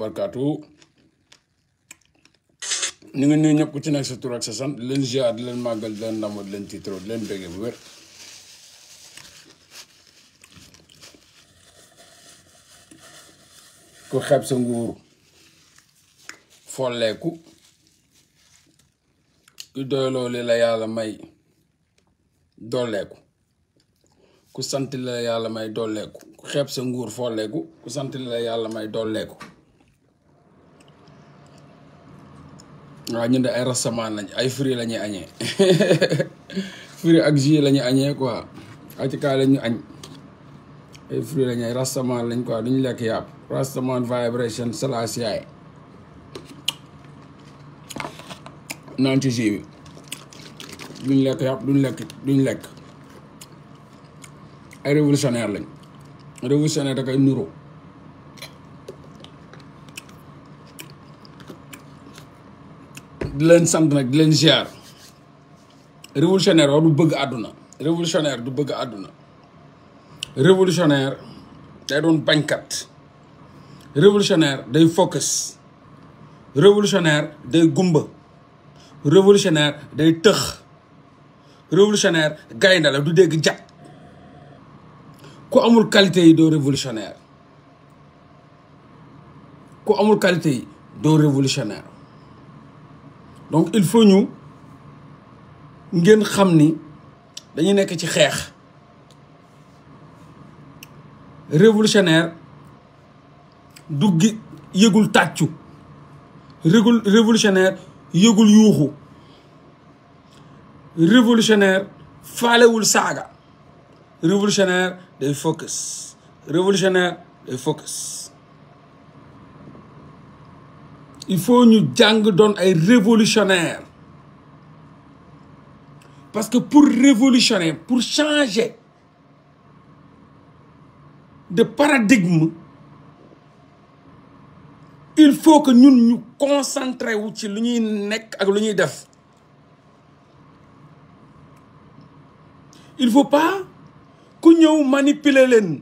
barakaatu ñu ngi nuyu ñëpp ku ci nekk sa tur ak sa sant di leen ziar di leen màggal di leen ndamoo di leen tiitaroo di leen béggee bu wér ku xeeb sa nguur folleeku ku doyloo li la yàlla may dolleeku ku sant li la yàlla may dolleeku ku xeeb sa nguur folleeku ku sant li la yàlla may dolleeku waaw ñun de ay rastaman lañ ay fruits la ñuy añee fruits ak jus la ñuy añee quoi ay ci kaay la añ ay fruits la ñuy ay rastaman lañ quoi duñ lekk yàpp rastaman vibration salaas yaay naan ci jus bi duñ lekk yàpp duñ lekk duñ lekk ay révolutionnaire lañ révolutionnaire da koy nuru di leen sant nag di leen ziar révolutionnaire du bëgg àdduna révolutionnaire du bëgg àdduna révolutionnaire day doon bañkat révolutionnaire day focus révolutionnaire day gumba révolutionnaire day tëx révolutionnaire gaynde la du dégg jat ku amul qualité yi doo révolutionnaire ku amul qualité yi doo révolutionnaire donc il faut ñu ngeen xam ni dañu nekk ci xeex révolutionnaire du gi yëgul tàccu régul révolutionnaire yëgul yuuxu révolutionnaire faalewul saaga révolutionnaire des focus révolutionnaire day focus il faut nous nous doon ay révolutionnaire parce que pour révolutionner pour changer de paradigme il faut que nous nous concentrions wu ci lu ñuy ak faut pas ku nous manipuler manipulions.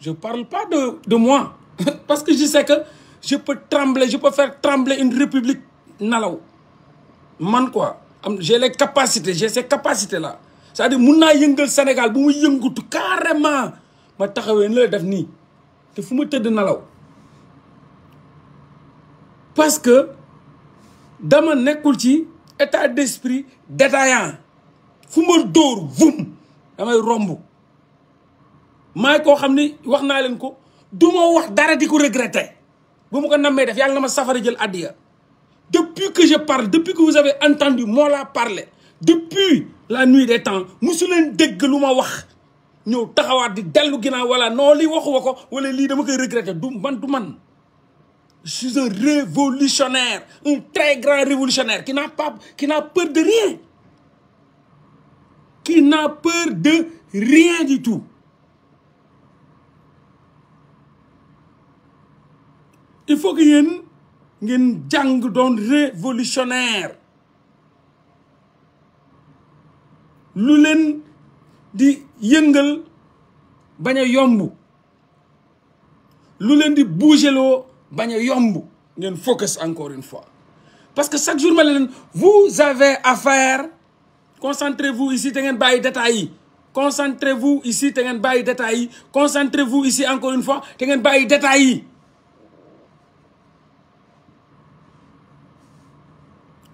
je parle pas de moi parce que je sais que je peux trembler je peux faire trembler une république nalaw man quoi j'ai les capacités j'ai ces capacités là c'est-à-dire mouna naa Sénégal bu au carrément ma taxawee ni la def nii te fu ma nalaw parce que dama nekkul ci état d'esprit détaillant fu ma boum, vum damay rombo. maay koo xam ni wax du wax dara di regretter bu mu ko nammee def yàlla na ma safara jël depuis que je parle depuis que vous avez entendu moo laa parler depuis la nuit des temps musu leen dégg lu ma wax ñëw taxawaat di dellu ginnaaw wala non lii waxu wa ko wala lii dama koy regretter du man du man je suis un révolutionnaire un très grand révolutionnaire qui n'a pas qui n'a peur de rien qui n'a peur de rien du tout il faut que vous ngeen jang doon révolutionnaire lu leen di yëngal baña yombu yomb lu di bougeloo bañ a yomb focus encore une fois parce que chaque jour vous avez affaire concentrez-vous ici te ngeen baye détails concentrez-vous ici te ngeen baye détails concentrez-vous ici encore une fois te ngeen baye détails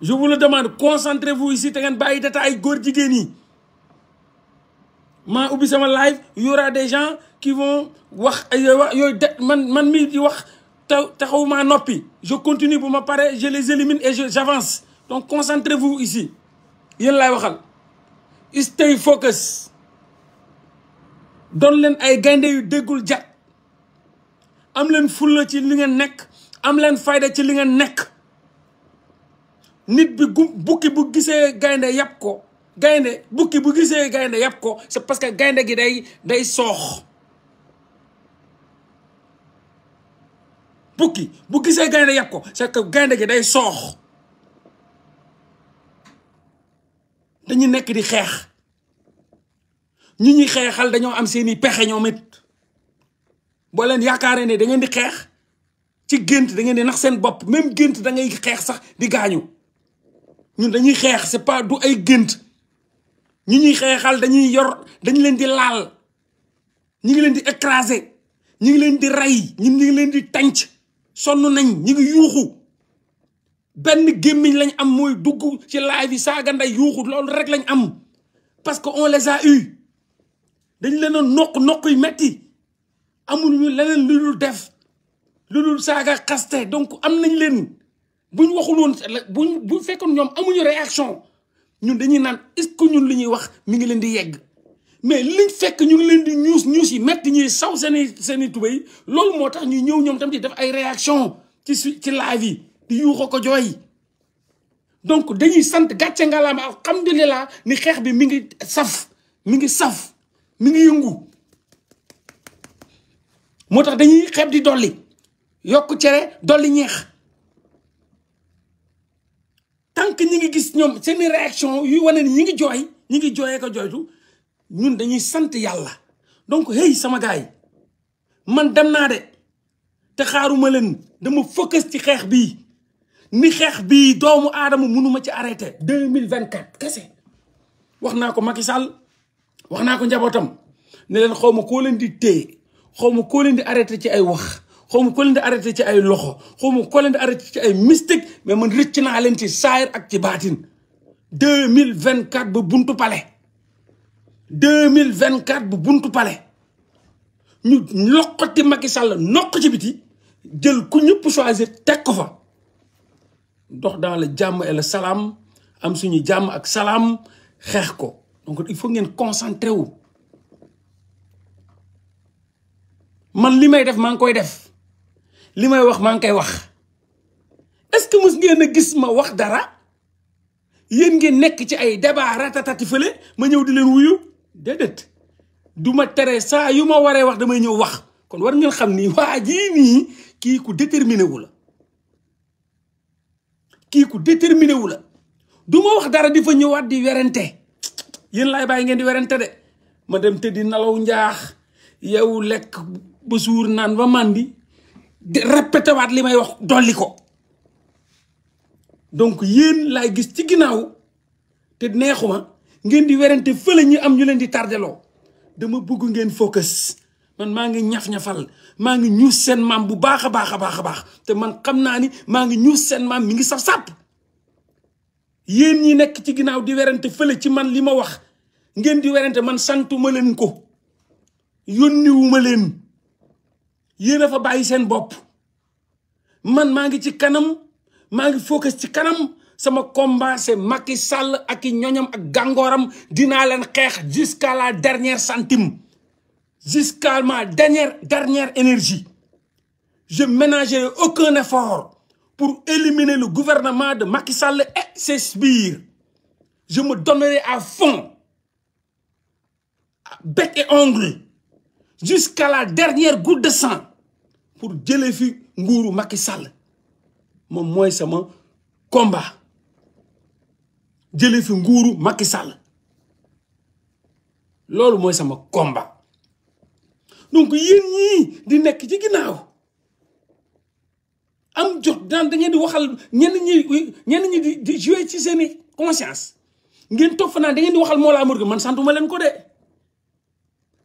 je vous le demande concentrez-vous ici te un bàyyi détail góor jigéen Ma maa sama live y aura des gens qui vont wax man man di wax je continue pour ma je les élimine et j'avance donc concentrez-vous ici yéen laay waxal stay focus doon len ay gaynde yu déggul jat am len fulla ci li ngeen nekk am len fayda ci li ngeen nek. nit bi gu bukki bu gisee gaynde yàpp ko gaynde bukki bu gisee gaynde yàpp ko c'est parce que gaynde gi day day soox bukki bu gisee gaynde yàpp ko c'est que gaynde gi day soox dañu nekk di xeex ñu ñuy xeexal dañoo am seeni pexe ñoom it boo leen yaakaaree ne da di xeex ci gént da ngeen di nax seen bopp même gént da ngay xeex sax di gaañu ñun dañuy xeex c'est pas du ay gént ñu ñuy xeexal dañuy yor dañ leen di laal ñi ngi leen di écraser ñi ngi leen di rey ñi ngi leen di sonn nañ ñi ngi yuuxu benn gémmiñ lañ am mooy dugg ci nday rek lañ am parce que on les a eu dañ leen a noq metti amul ñu leneen lu dul def lu dul donc am nañ leen buñ ñu waxul woon buñ bu fekkoon ñom amuñu réaction ñun dañuy naan est-ce que ñun li ñuy wax mi ngi leen di yegg mais liñ fekk ñu ngi leen di news ñuus yi metti ñuy saw seeni seeni tubéy lool motax tax ñuy ñëw ñoom tamit di def ay réaction ci ci live yi di yu ko joy donc dañuy sant gàcce ngalaama alhamdulilah ni xex bi mi ngi saf mi ngi saf mi ngi yëngu motax dañuy xeb di dolli yokk cere dolli ñeex tant que ñi ngi gis ñoom seeni réaction yuy wane ni ñi ngi jooy ñi ngi jooyee ko jooytu ñun dañuy sant yàlla donc hey sama gars man dem naa de te xaaruma leen dama focus ci xeex bii ni xeex bii doomu aadama mënuma ci arrêté deux mille vingt quatre kese wax naa ko Macky Sall wax naa ko njabootam ne leen xaw ma koo leen di téye xaw ma koo leen di arrêté ci ay wax xaw ma ko leen di arrêté ci ay loxo xaw ma ko leen di arrêté ci ay mystique mais man rëcc naa leen ci saayir ak ci baatin deux mille vingt quatre ba buntu pale deux mille vingt quatre ba buntu pale ñu loqati Macky sàll noq ci biti jël ku ñëpp choisir teg ko fa dox dans le jàmm et le salaam am suñu jàmm ak salaam xeex ko donc il faut ngeen concentré wu man li may def maa ngi koy def li may wax maa ngi koy wax est-ce que mës ngeen a gis ma wax dara yéen ngeen nekk ci ay débat ratatati fële ma ñëw di leen wuyu déedéet du ma tere saa yu ma waree wax damay ñëw wax kon war ngeen xam ni waa jii nii kii ku déterminé wu la kii ku déterminé wu la du ma wax dara di fa ñëwaat di werante yéen laay bàyyi ngeen di werante de ma dem tëddi nalaw njaax yow lekk ba suur naan ba màndi di li may wax dolli ko donc yéen laay gis ci ginnaaw te neexuma ngeen di werante fële ñu am ñu leen di tardeloo dama bëgg ngeen focus man maa ngi ñaf-ñafal maa ngi ñuus seen maam bu baax a baax a baax a baax te man xam naa ni maa ngi ñuus seen maam mi ngi saf-sàpp yéen ñi nekk ci ginnaaw di werante fële ci man li ma wax ngeen di werante man santuma leen ko yónniwuma leen yéen fa bàyyi sen bop man mangi ci kanam mangi focus ci kanam sama combat c'est Macky Sall ak i ñoñam ak gangoram dina len xex jusqu'à la dernière centime jusqu'à ma dernière dernière énergie je ménagerai aucun effort pour éliminer le gouvernement de Macky Sall et ses sbires je me donnerai à fond bec et ongle jusqu'à la dernière goutte de sang pour jëlee fi nguuru Macky Sall moom mooy sama komba jëlee fi nguuru Macky Sall loolu mooy sama komba donc yéen ñii di nekk ci ginnaaw am jot daan da ngeen di waxal ñenn ñi ñenn ñi di di jouer ci seeni conscience ngeen toog fa naan da ngeen di waxal Mollah Morgun man santuma leen ko de.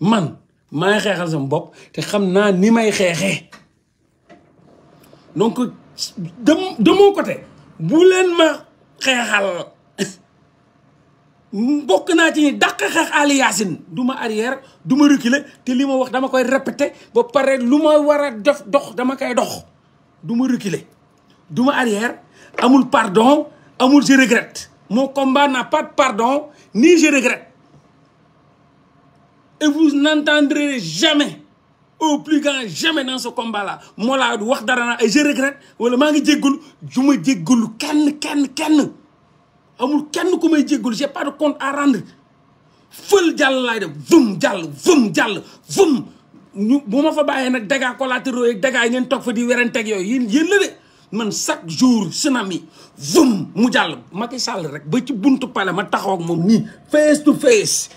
man maay xéxal sama te xam ni may donc de mon côté bu ma xeexal bokk naa ci dàq xeex Ali Yacine du arrière du reculer te li ma wax répéter dox arrière amul pardon amul je regrette mon combat n'a pas de pardon ni je regrette et vous n'entendrez jamais au plus grand jamais dans ce combat là moo laa du wax dara naa ay je regrette wala maa ngi jéggalu ju ma jéggalu kenn kenn kenn amul kenn ku may jéggalu j'ai pas de compte à rendre fël jàll laay def vum jàll vum bu ma fa bàyyee nag dégâts collatéraux yeeg dégâts yi ngeen toog fa di weranteeg yooyu yéen yéen la de man chaque jour tsunami vum mu jàll Macky Sall rek ba ci buntu pala ma taxaw ak moom nii face to face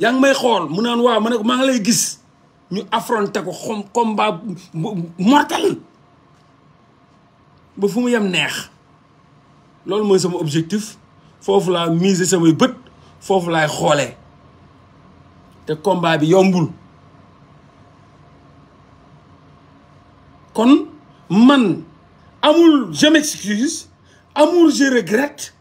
Yang may xol mu nan wa ma gis ñu ko combat mortel ba fu mu yam neex me sama objectif fofu la mise sama je faut lay xolé le combat bi yombul kon man amul je m'excuse amul je regrette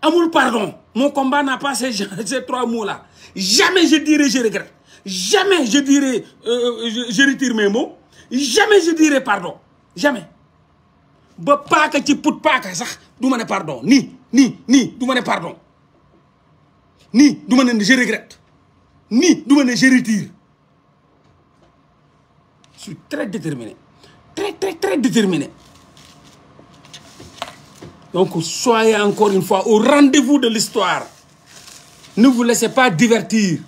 amul pardon mon combat n'a pas ces, ces trois mots-là. Jamais je dirai je regrette. Jamais je dirai euh, euh, je, retire mes mots. Jamais je dirai pardon. Jamais. Ba que ci put paaka sax du ma ne pardon ni, ni, ni. tu ma ne pardon Ni. du ma ne je regrette Ni. du ma que je retire je suis très déterminé très très très déterminé donc soyez encore une fois au rendez-vous de l'histoire. Ne vous laissez pas divertir.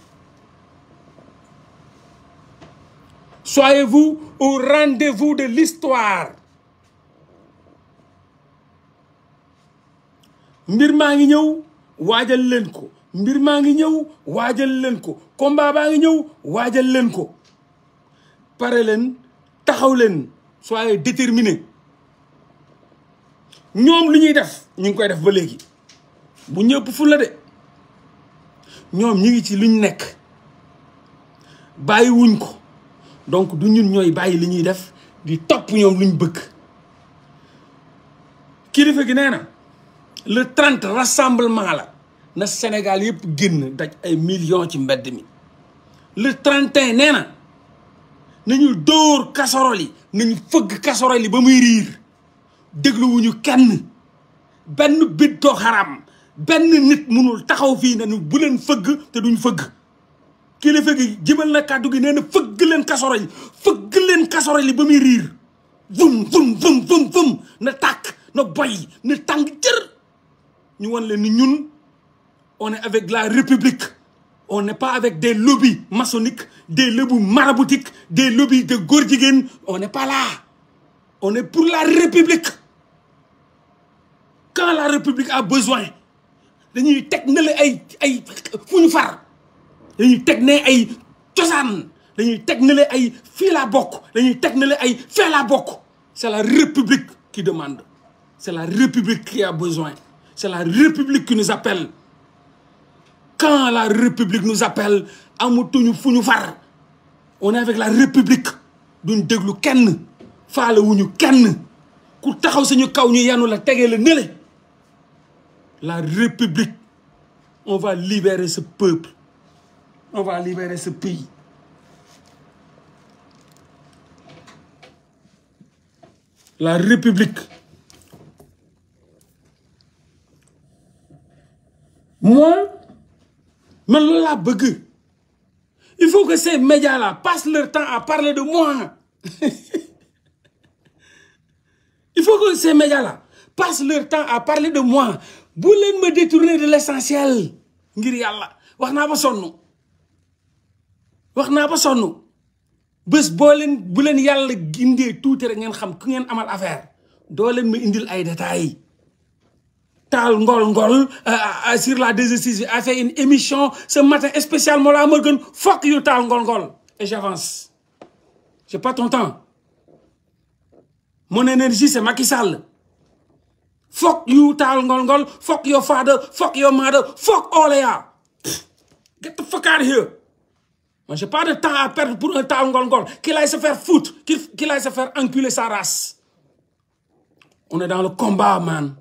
Soyez-vous au rendez-vous de l'histoire. mbir maa ngi ñew waajal leen ko mbir combat ba ngi ñew soyez déterminés ñoom lu ñuy def ñu ngi koy def ba léegi bu ñëpp fu de ñoom ñu ngi ci luñ nekk bàyyiwuñ ko donc du ñun ñooy bàyyi li ñuy def di topp ñoom luñ bëgg kilifa gi nee na le 30 rassemblement la na Sénégal yëpp génn daj ay millions ci mbedd mi le 31 nee na nañu dóor casserole yi nañu fëgg casserole yi ba muy riir dégluwuñu kenn benn biddo xaram benn nit munul taxaw fii nañu bu leen fëgg te duñ fëgg kilifa gi jibal na kàddu gi nee fëgglen fëgg leen kasoro yi li ba muy riir vum vum vum vum vum na tàkk na boy na tàng jër ñu wan leen ni ñun on avec la république on n'est pas avec des lobbies maçonniques des lobbies maraboutiques des de góor jigéen on n'est pas On est pour la République. Quand la République a besoin, dañuy avons ne la ay ay fu far dañuy teg ne ay cosaan dañuy de ne la c'est la République qui demande c'est la République qui a besoin c'est la République qui nous appelle quand la République nous appelle nous fu nous on est avec la République duñ déglu kenn ku taxaw suñu yanu la la république on va libérer ce peuple on va libérer ce pays la république Moi, je la bëgg il faut que ces médias là passent leur temps à parler de moi il faut que ces médias-là passent leur temps à parler de moi bu me me détourner de l'essentiel ngir ne wax pas ba ne wax pas. ba pas bés boo les bu tout pas amal détails ngol ngol euh, euh, sur la décision. a fait une émission ce matin spécialement là fuck you ngol ngol et j'avance j'ai pas ton temps mon énergie, c'est Macky Sall. Fuck you, Tal Ngol Fuck your father. Fuck your mother. Fuck you. Get the fuck out of here. Moi, j'ai pas de temps à perdre pour un Tal Ngol Qu'il aille se faire foutre. Qu'il aille se faire enculer sa race. On est dans le combat, man.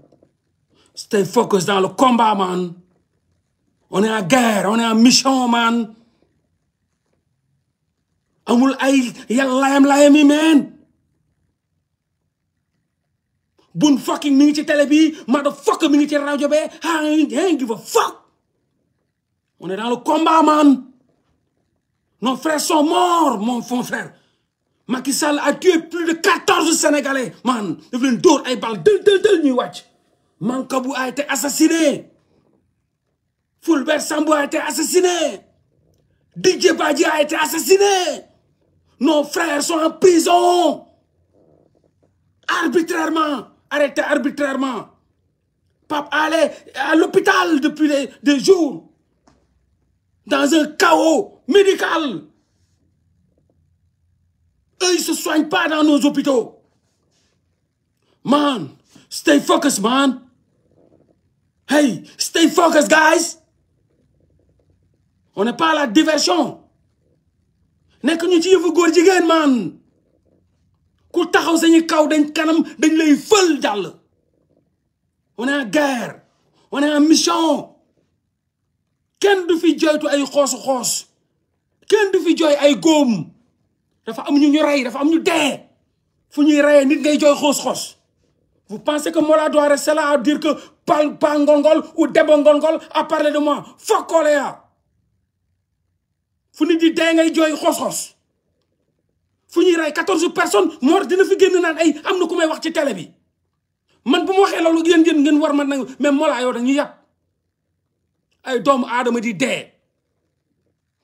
Stay focused dans le combat, man. On est en guerre. On est en mission, man. amul ay a la man. man. Bon, fucking mi ngi ci télé bi motherfucker mi ngi ci radio I give a fuck on est dans le combat man nos frères sont morts mon fond frère Macky Sall a tué plus de 14 sénégalais man daf leen dóor ay balle de, de dël ñuy Man a été assassiné Fulbert Sambou a été assassiné DJ Badi a été assassiné nos frères sont en prison arbitrairement arrêté arbitrairement. Pape allait à l'hôpital depuis des, jours. Dans un chaos médical. Eux, ils se soignent pas dans nos hôpitaux. Man, stay focused, man. Hey, stay focused, guys. On n'est pas à la diversion. n'est ñu ci t'y góor man ku taxaw sañu kaw dañ kanam dañ lay feul dal on est en guerre on est en mission kenn du fi joytu ay xoosu xoos kenn du fi joy ay gom dafa am ñu ñu rey dafa am ñu dé. fu ñuy reyee nit ngay joy xoos xoos vous pensez que Mola doit rester là à dire que Pal Pal Ngongol ou Debo Ngongol a parlé de moi foog colère. fu nit di dé ngay joy xoos xoos fuñuy ray 14 personnes mort dina fi genn nan ay amna kumay wax ci télé bi man bu ma waxee loolu yéen yéen war ma nag même mola yow dañuy yapp ay dom adam di dé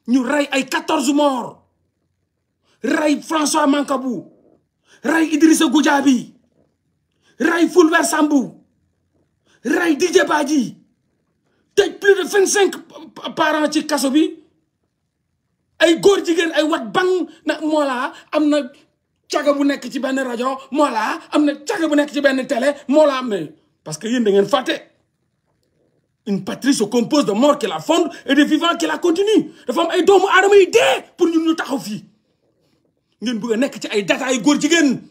ñu ray ay 14 mort Ray François Mankabu. Ray Idrissa Goudiaby Ray Fulbert Sambu. Ray Didier Badji tëj plus de 25 parents ci kasso bi ay góor jigéen ay wat bang na Mollah am na caga bu nekk ci benn rajo Mollah am na caga bu nekk ci benn télé moola mais parce que yéen da ngeen fàtte une patrie compose de morts qui la fondent et de vivants qui la ay doomu aadama yi dee pour ñun ñu taxaw fii ngeen bëgg a nekk ci ay data ay góor jigéen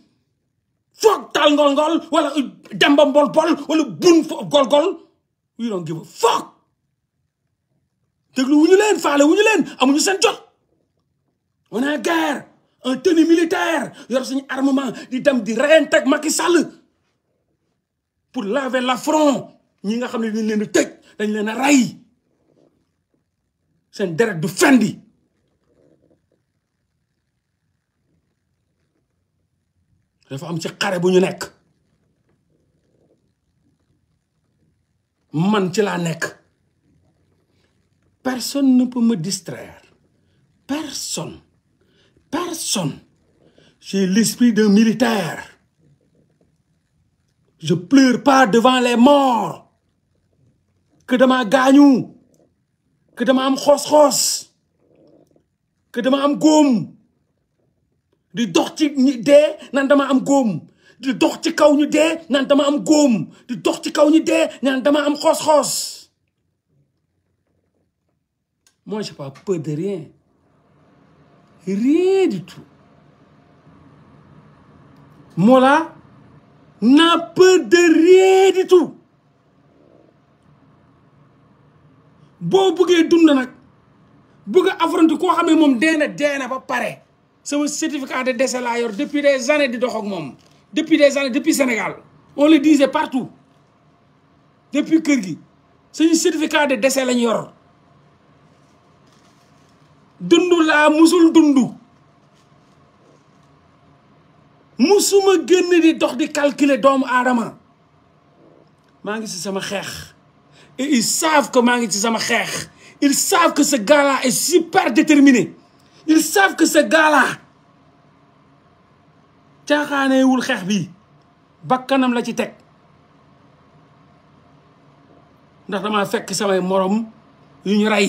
foog taal ngol-ngol wala damba mbol-bol wala bun gol-gol we don't give a fuck wu ñu leen faale wu ñu leen amuñu seen jot. on a une guerre un tenue militaire yor un armement di dem de rien ak pour laver l'affront ñi nga xam ne dañ leen dañ leen C'est un direct du fendi dafa am ci xare bu ñu man personne ne peut me distraire personne personne. J'ai l'esprit d'un militaire. Je pleure pas devant les morts. Que de ma gagne Que de ma xos Que de ma m'goum Du dox ci de nan de ma am Du di dox ci kaw nan dé ma am Moi, j'ai pas peur de rien rien du tout Mola n'a peur de rien du tout bon vous dund nag bëgg avant de un xam ne ba certificat de décès laa depuis des années de dox depuis des années depuis Sénégal on le disait partout depuis Kirgi. c'est un certificat de décès lañ Dundu la musul Dundu, musuma genn di dox di calculer doomu adama maa ngi ci sama xex et ils savent que maa ngi ci sama xex ils savent que ce gars-là est super déterminé ils savent que ce gars-là wul xex bi bakkanam la ci tek ndax dama fekk samay morom ñu ray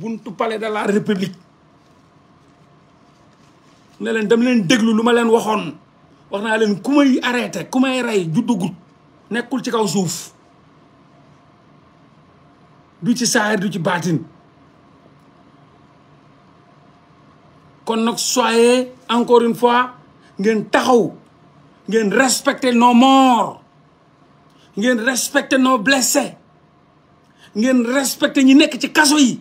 buntu pale de la république ne leen leen déglu lu ma leen waxoon wax naa leen ku may arrêté ku may rey juddugut nekkul ci kaw suuf du ci saayir du ci baatin kon nag soyez encore une fois ngeen taxaw ngeen respecter nos morts ngeen respecter nos blessés ngeen respecter ñi nekk ci kaso yi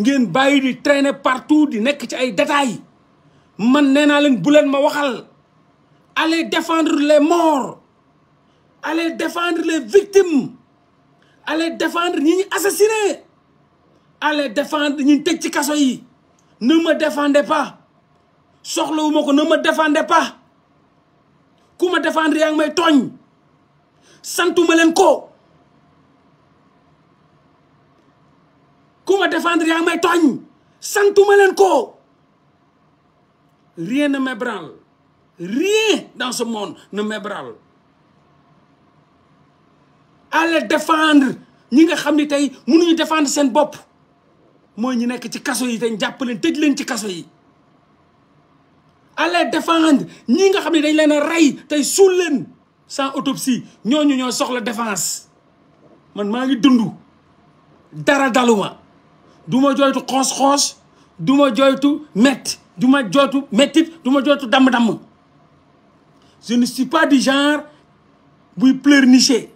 ngeen bàyyi di traîner partout di nekk ci ay détails man nee naa leen buleen ma waxal allez défendre les morts allez défendre les victimes allez défendre ñi ñu assassiné allez défendre ñi tëj ci kaso yi ne me défendez pas soxlawuma ko ne me défendez pas ku ma défendre yaa ngi may tooñ santuma leen ko ku ma défendre ya may togn santuma len ko rien ne m'ébranle rien dans ce monde ne m'ébranle allez défendre ñi nga xamni tay tey ñu défendre sen bop moy ñi nek ci kasso yi dañ japp len tëj len ci kasso yi aller défendre ñi nga xamni dañ leena ray tay sul len sans autopsie ñooñu ñoo soxla défense man ma ngi dundu dara daluma du ma jooytu xoos-xoos du ma jooytu metti du ma jooytu dam du je ne suis pas du genre buy pleurnicher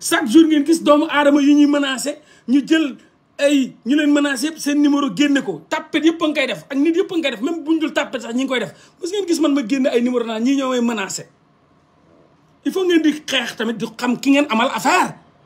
chaque jour ngeen gis doomu adama yu ñi menacer ñu jël ay ñu leen menacer yépp seen numéro génné ko tapet yépp nga koy def ak nit yépp nga def même buñ dul tapet sax ñi ngi koy def parce que ngeen gis man ma génné ay numéro na ñi ñoo menacer menacé il faut ngeen di xeex tamit di xam ki ngeen amal affaire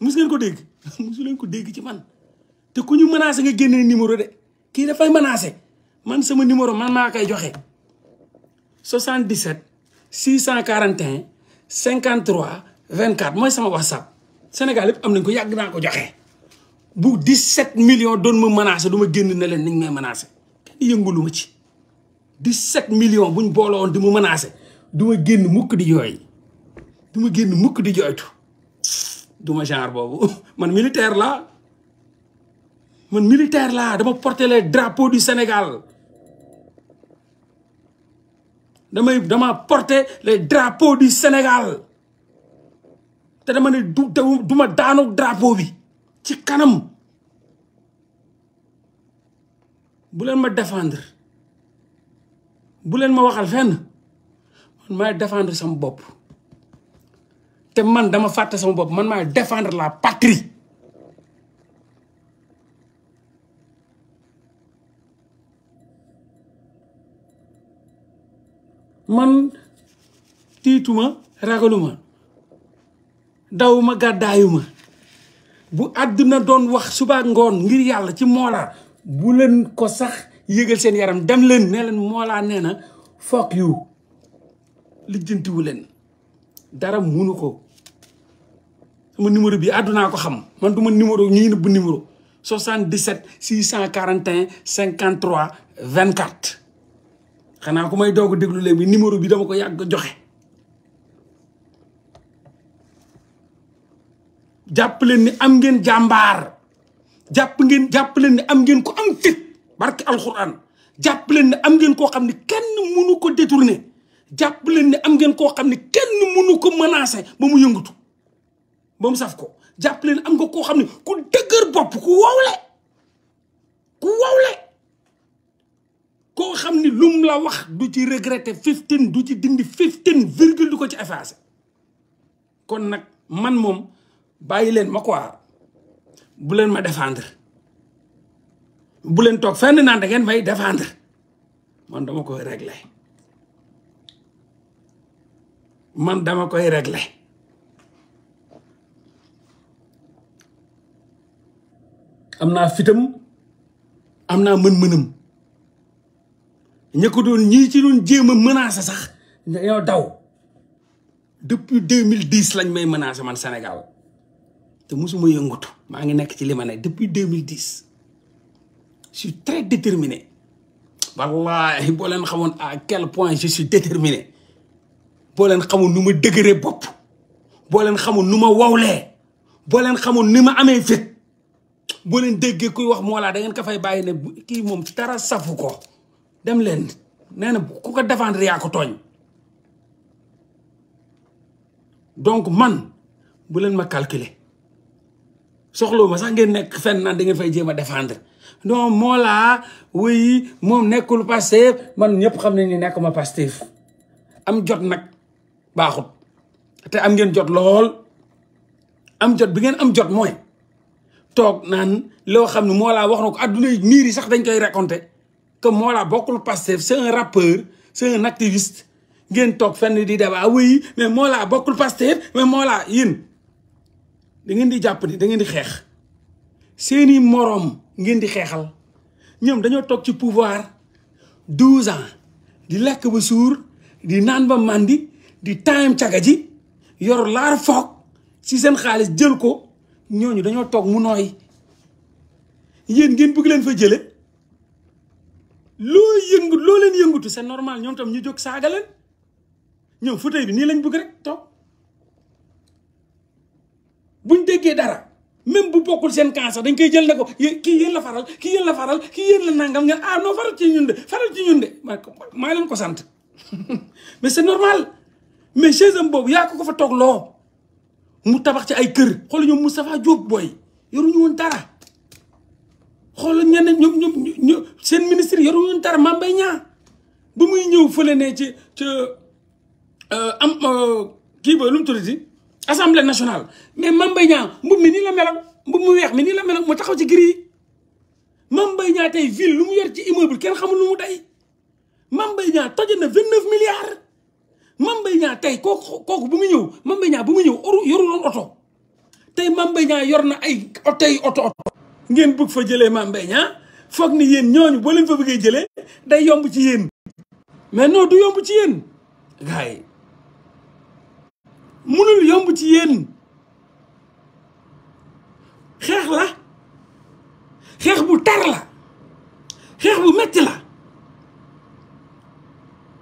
mus ngeen ko dégg musu leen ko dégg ci man te ku ñu menacé nga génnee numéro de kii dafay menacé man sama numéro man maa koy joxe 77 641 53 24 mooy sama whatsapp Sénégal yëpp am nañ ko yàgg naa ko joxe bu 17 million doon ma menacé du ma génn ne leen niñ may menacé kenn yëngulu ma ci 17 millions buñ boolowoon di mu menacé du ma génn mukk di jooy du ma génn mukk di jooytu duma genre boobu man militaire laa man militaire laa dama porter les drapeaux du senegal damay dama porter les drapeaux du senegal te dama ne du du ma daanu drapeau bi ci kanam bu ma defendre bu leen ma waxal fenn man maay défendre sama bopp te man dama fàtte sama bopp man maay défendre la patrie man tiituma ragaluma dawuma gàddaayuma bu àdduna doon wax suba ngoon ngir yàlla ci moolaa bu leen ko sax yëgal seen yaram dem leen ne leen moolaa nee na foog yu lijjantiwu leen dara munu ko ma numéro bi àddunaa ko xam man du ma numéro ñuy nëbb numéro 77 641 53 24 xanaa ku may doog a déglu léegi numéro bi dama ko yàgg joxe jàpp leen ni am ngeen jàmbaar jàpp ngeen jàpp leen ni am ngeen ko am fit barke alxuraan jàpp leen ni am ngeen koo xam ne kenn mënu ko détourné jàpp leen ni am ngeen koo xam ne kenn mënu ko menacé ba mu yëngatu ba mu saf ko jàpp leen am nga koo xam ne ku dëgër bopp ku wowle ku wowle koo xam ni lum la wax du ci regretter fifteen du ci dindi fifteen virgule du ko ci effacé kon nag man moom bàyyi leen ma quoi bu leen ma défendre bu leen toog fenn naan da ngeen may défendre man dama koy régler man dama koy regle am naa fitam am naa mën-mënam ña ko doon ñii ci doon jéem a menacé sax ñoo daw depuis 2010 lañ may menacé man Sénégal te mosuma yëngutu maa ngi nekk ci li ma ne depuis 2010 je suis très déterminé wallahi boo leen xamoon à quel point je suis déterminé boo leen xamoon nu ma dëgëree bopp boo leen xamoon nu ma wowlee boo leen xamoon ni ma amee fit boo leen déggee kuy wax Mollah da ngeen ko fay bàyyi ne kii moom dara safu ko dem leen nee na ku ko défendre yaa ko tooñ donc man bu leen ma calculer soxloo ma sax ngeen nekk fen naan da ngeen fay jéem a défendre non Mollah wuy moom nekkul Pastef man ñëpp xam ne ni nekkuma Pastef am jot nag baaxut te am ngeen jot lool am jot bi ngeen am jot mooy toog naan loo xam ne laa wax na ko adduna yi niir yi sax dañ koy raconté que Mollah bokkul Pastef c'est un rappeur c'est un activiste ngeen toog fenn di débat ah oui mais laa bokkul Pastef mais Mollah yéen da ngeen di jàpp ni da ngeen di xeex seeni moroom ngeen di xeexal ñoom dañoo toog ci pouvoir douze ans di lekk ba suur di naan ba màndi di time caga ji yor laar foog si seen xaalis jël ko ñooñu dañoo toog mu nooy yéen ngeen bëgg leen fa jële loo yëngu loo leen yëngutu c'est normal ñoom tam ñu jóg saaga leen ñoom fauteuil bi nii lañ bëgg rek toog buñ déggee dara même bu bokkul seen kan sax dañ koy jël ne ko kii yéen la faral kii yéen la faral kii yéen la nangam ngeen ah non faral ci ñun de faral ci ñun de maa leen ko sant mais c'est normal mais chaise am boobu yaa ko ko fa toog loo mu tabax ci ay kër xool ñoom Moustapha boy booy yoruñu woon dara xool ñeneen ñoom ñoom seen ministre yoruñu woon dara Mame Mbaye Niang ba muy ñëw fële ne ci ca euh, am euh, kii ba lu mu tuddati assemblée nationale mais Mame Mbaye Niang mbub mi nii la meloon mbub mu weex mi nii la meloon mu taxaw ci giri yi Mame Mbaye Niang tey ville lu mu yor ci immeuble kenn xamul lu mu day Mame Mbaye Niang toje na vingt neuf milliards Mame Mbaye Niang tey kooku kooku bu mu ñëw Mame Mbaye Niang bu mu ñëw yoruloon oto tey Mame Mbaye yor na ay tey oto oto ngeen bëgg fa jëlee Mame Mbaye foog ni yéen ñooñu boo leen fa bëggee jëlee day yomb ci yéen mais non du yomb ci yéen gars yi munul yomb ci yéen xeex la xeex bu tar la xeex bu metti la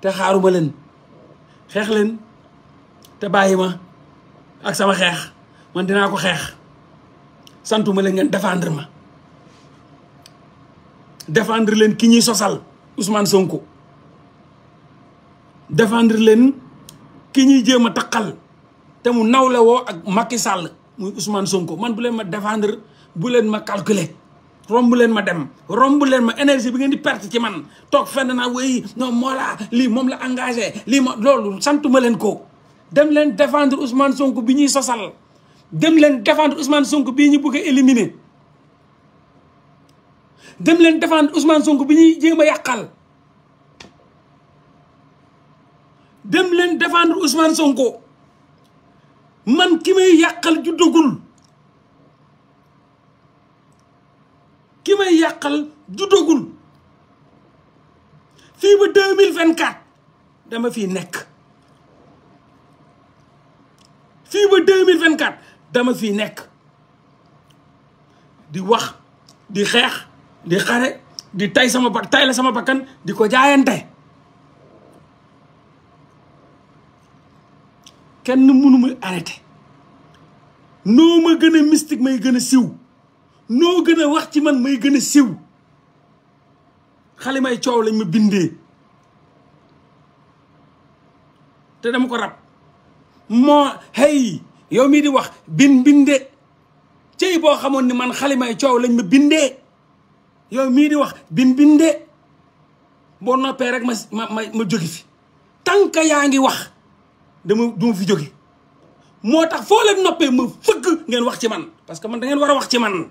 te xaaruma leen xeex leen te bàyyi ma ak sama xeex man dinaa ko xeex santuma leen ngeen défendre ma défendre leen ki ñuy sosal Ousmane Sonko défendre leen ki ñuy jéem a taqal te mu nawle woo ak Macky sàll muy Ousmane Sonko man bu leen ma défendre bu leen ma calculer romb leen ma dem romb leen ma énergie bi ngeen di perte ci man toog fenn naa wéy non moo laa lii moom la engagé lii ma loolu santuma leen ko dem leen défendre Ousmane Sonko bi ñuy sosal dem leen défendre Ousmane Sonko bii ñu bëgg a éliminer leen défendre Ousmane Sonko bi ñuy jéem a yàqal dem leen défendre Ousmane Sonko man ki may yàqal juddagul ki may du dogul fi ba 2024 dama fi nek fi ba 2024 dama fi nek di wax di xex di xare di tay sama bak tay la sama bakkan di ko jaayante kenn mënu ma arrêté no ma gëna mystique may gëna siw noo gën a wax ci man may gën a siw xale may coow lañ ma bindee te dama ko rab moo hey yow mii di wax bin binde boo xamoon ni man xale may coow lañ ma bindee yow mii di wax bin binde boo noppee rek ma ma ma jóge fi tant yaa ngi wax dama duma fi jóge moo tax foo leen noppee ma fëgg ngeen wax ci man parce que man da war a wax ci man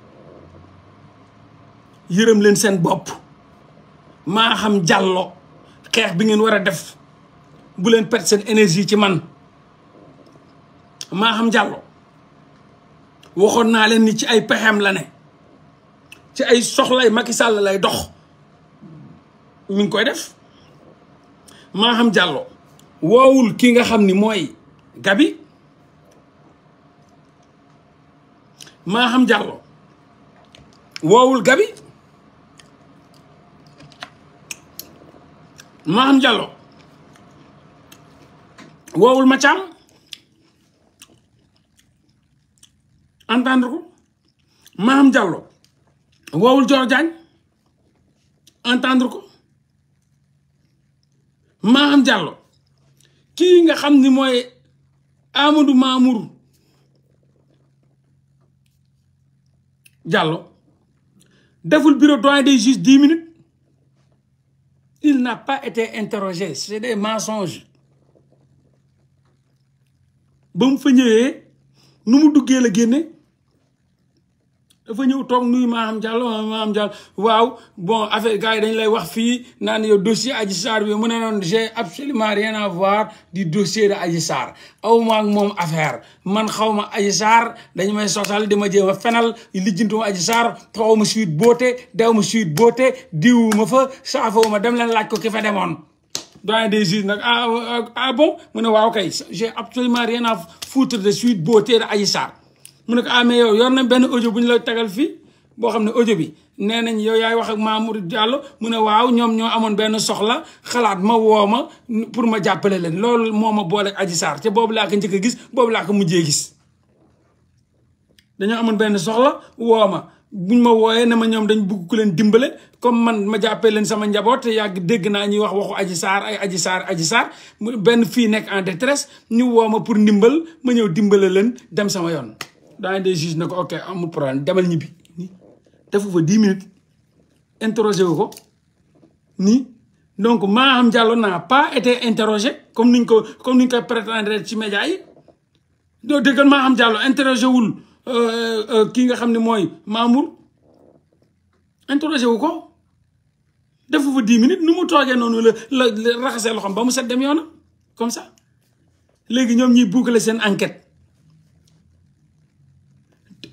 yërëm leen seen bopp maa xam jàllo xeex bi ngeen war a def bu leen per seen énergie ci man maaxam xam jàllo waxoon naa leen ni ci ay pexem la ne ci ay soxlay Macky Sall lay dox mi ngi koy def maaxam xam jàllo woowul ki nga xam ni mooy gabi maaxam xam jàllo woowul gabi Maham Diallo woowul ma caam entendre ko Maham Diallo woowul Dior Diagne entendre ko Maham Diallo kii nga xam ni mooy Amadou Mamour Diallo deful bureau doyen des juges dix minutes Il n'a pas été interrogé. C'est des mensonges. Bon vous nous nous nu mu dafa ñëw toog nuyu Maham Diallo Maham waaw bon affaire gars yi dañ lay wax fii naan yow dossier Adji Sarr bi mu ne noon j'ai absolument rien à voir du dossier de Adji Sarr awma ak moom affaire man xaw ma Adji Sarr dañu may sosal di ma jéem a fenal lijjintuma Adji Sarr xaw ma suite boote dew ma suite boote diwuma fa saafawu ma dem leen laaj ko ki fa demoon doyen des juges nag ah, ah, ah bon mu ne waaw kay j'ai absolument rien à foutre de suite boote de Adji Sarr mu ne ko ah yow yor na benn audio bu ñu la tagal fii boo xam ne audio bi nee nañ yow yaay wax ak Mamour Diallo mu ne waaw ñoom ñoo amoon benn soxla xalaat ma woo ma pour ma jàppale leen loolu moo ma boole Adji Sarr te boobu laa ko njëkk gis boobu laa ko mujjee dañoo amoon benn soxla woo ma buñ ma wooyee ne ma ñoom dañ bugg ku leen dimbale comme man ma jàppee leen sama njaboot te yàgg dégg naa ñuy wax waxu aji saar ay Adji Sarr Adji Sarr benn fii nekk en détresse ñu woo ma pour ndimbal ma ñëw dimbale leen dem sama yoon. daa des juges ne ko ok amul problème demal ñibbi defu fa dix minutes interrogé wu ko nii donc Maham Diallo naa pas été interrogé comme ñu ko comme niñ koy prétendre ci média yi doo dëggal Maham Diallo interrogé euh, euh, ki kii nga xam ne mooy Mamour interrogé wu ko defu fa dix minutes nu mu toogee noonu la la raxasee loxoom ba mu set dem yoona comme ça léegi ñoom ñuy boucler seen enquête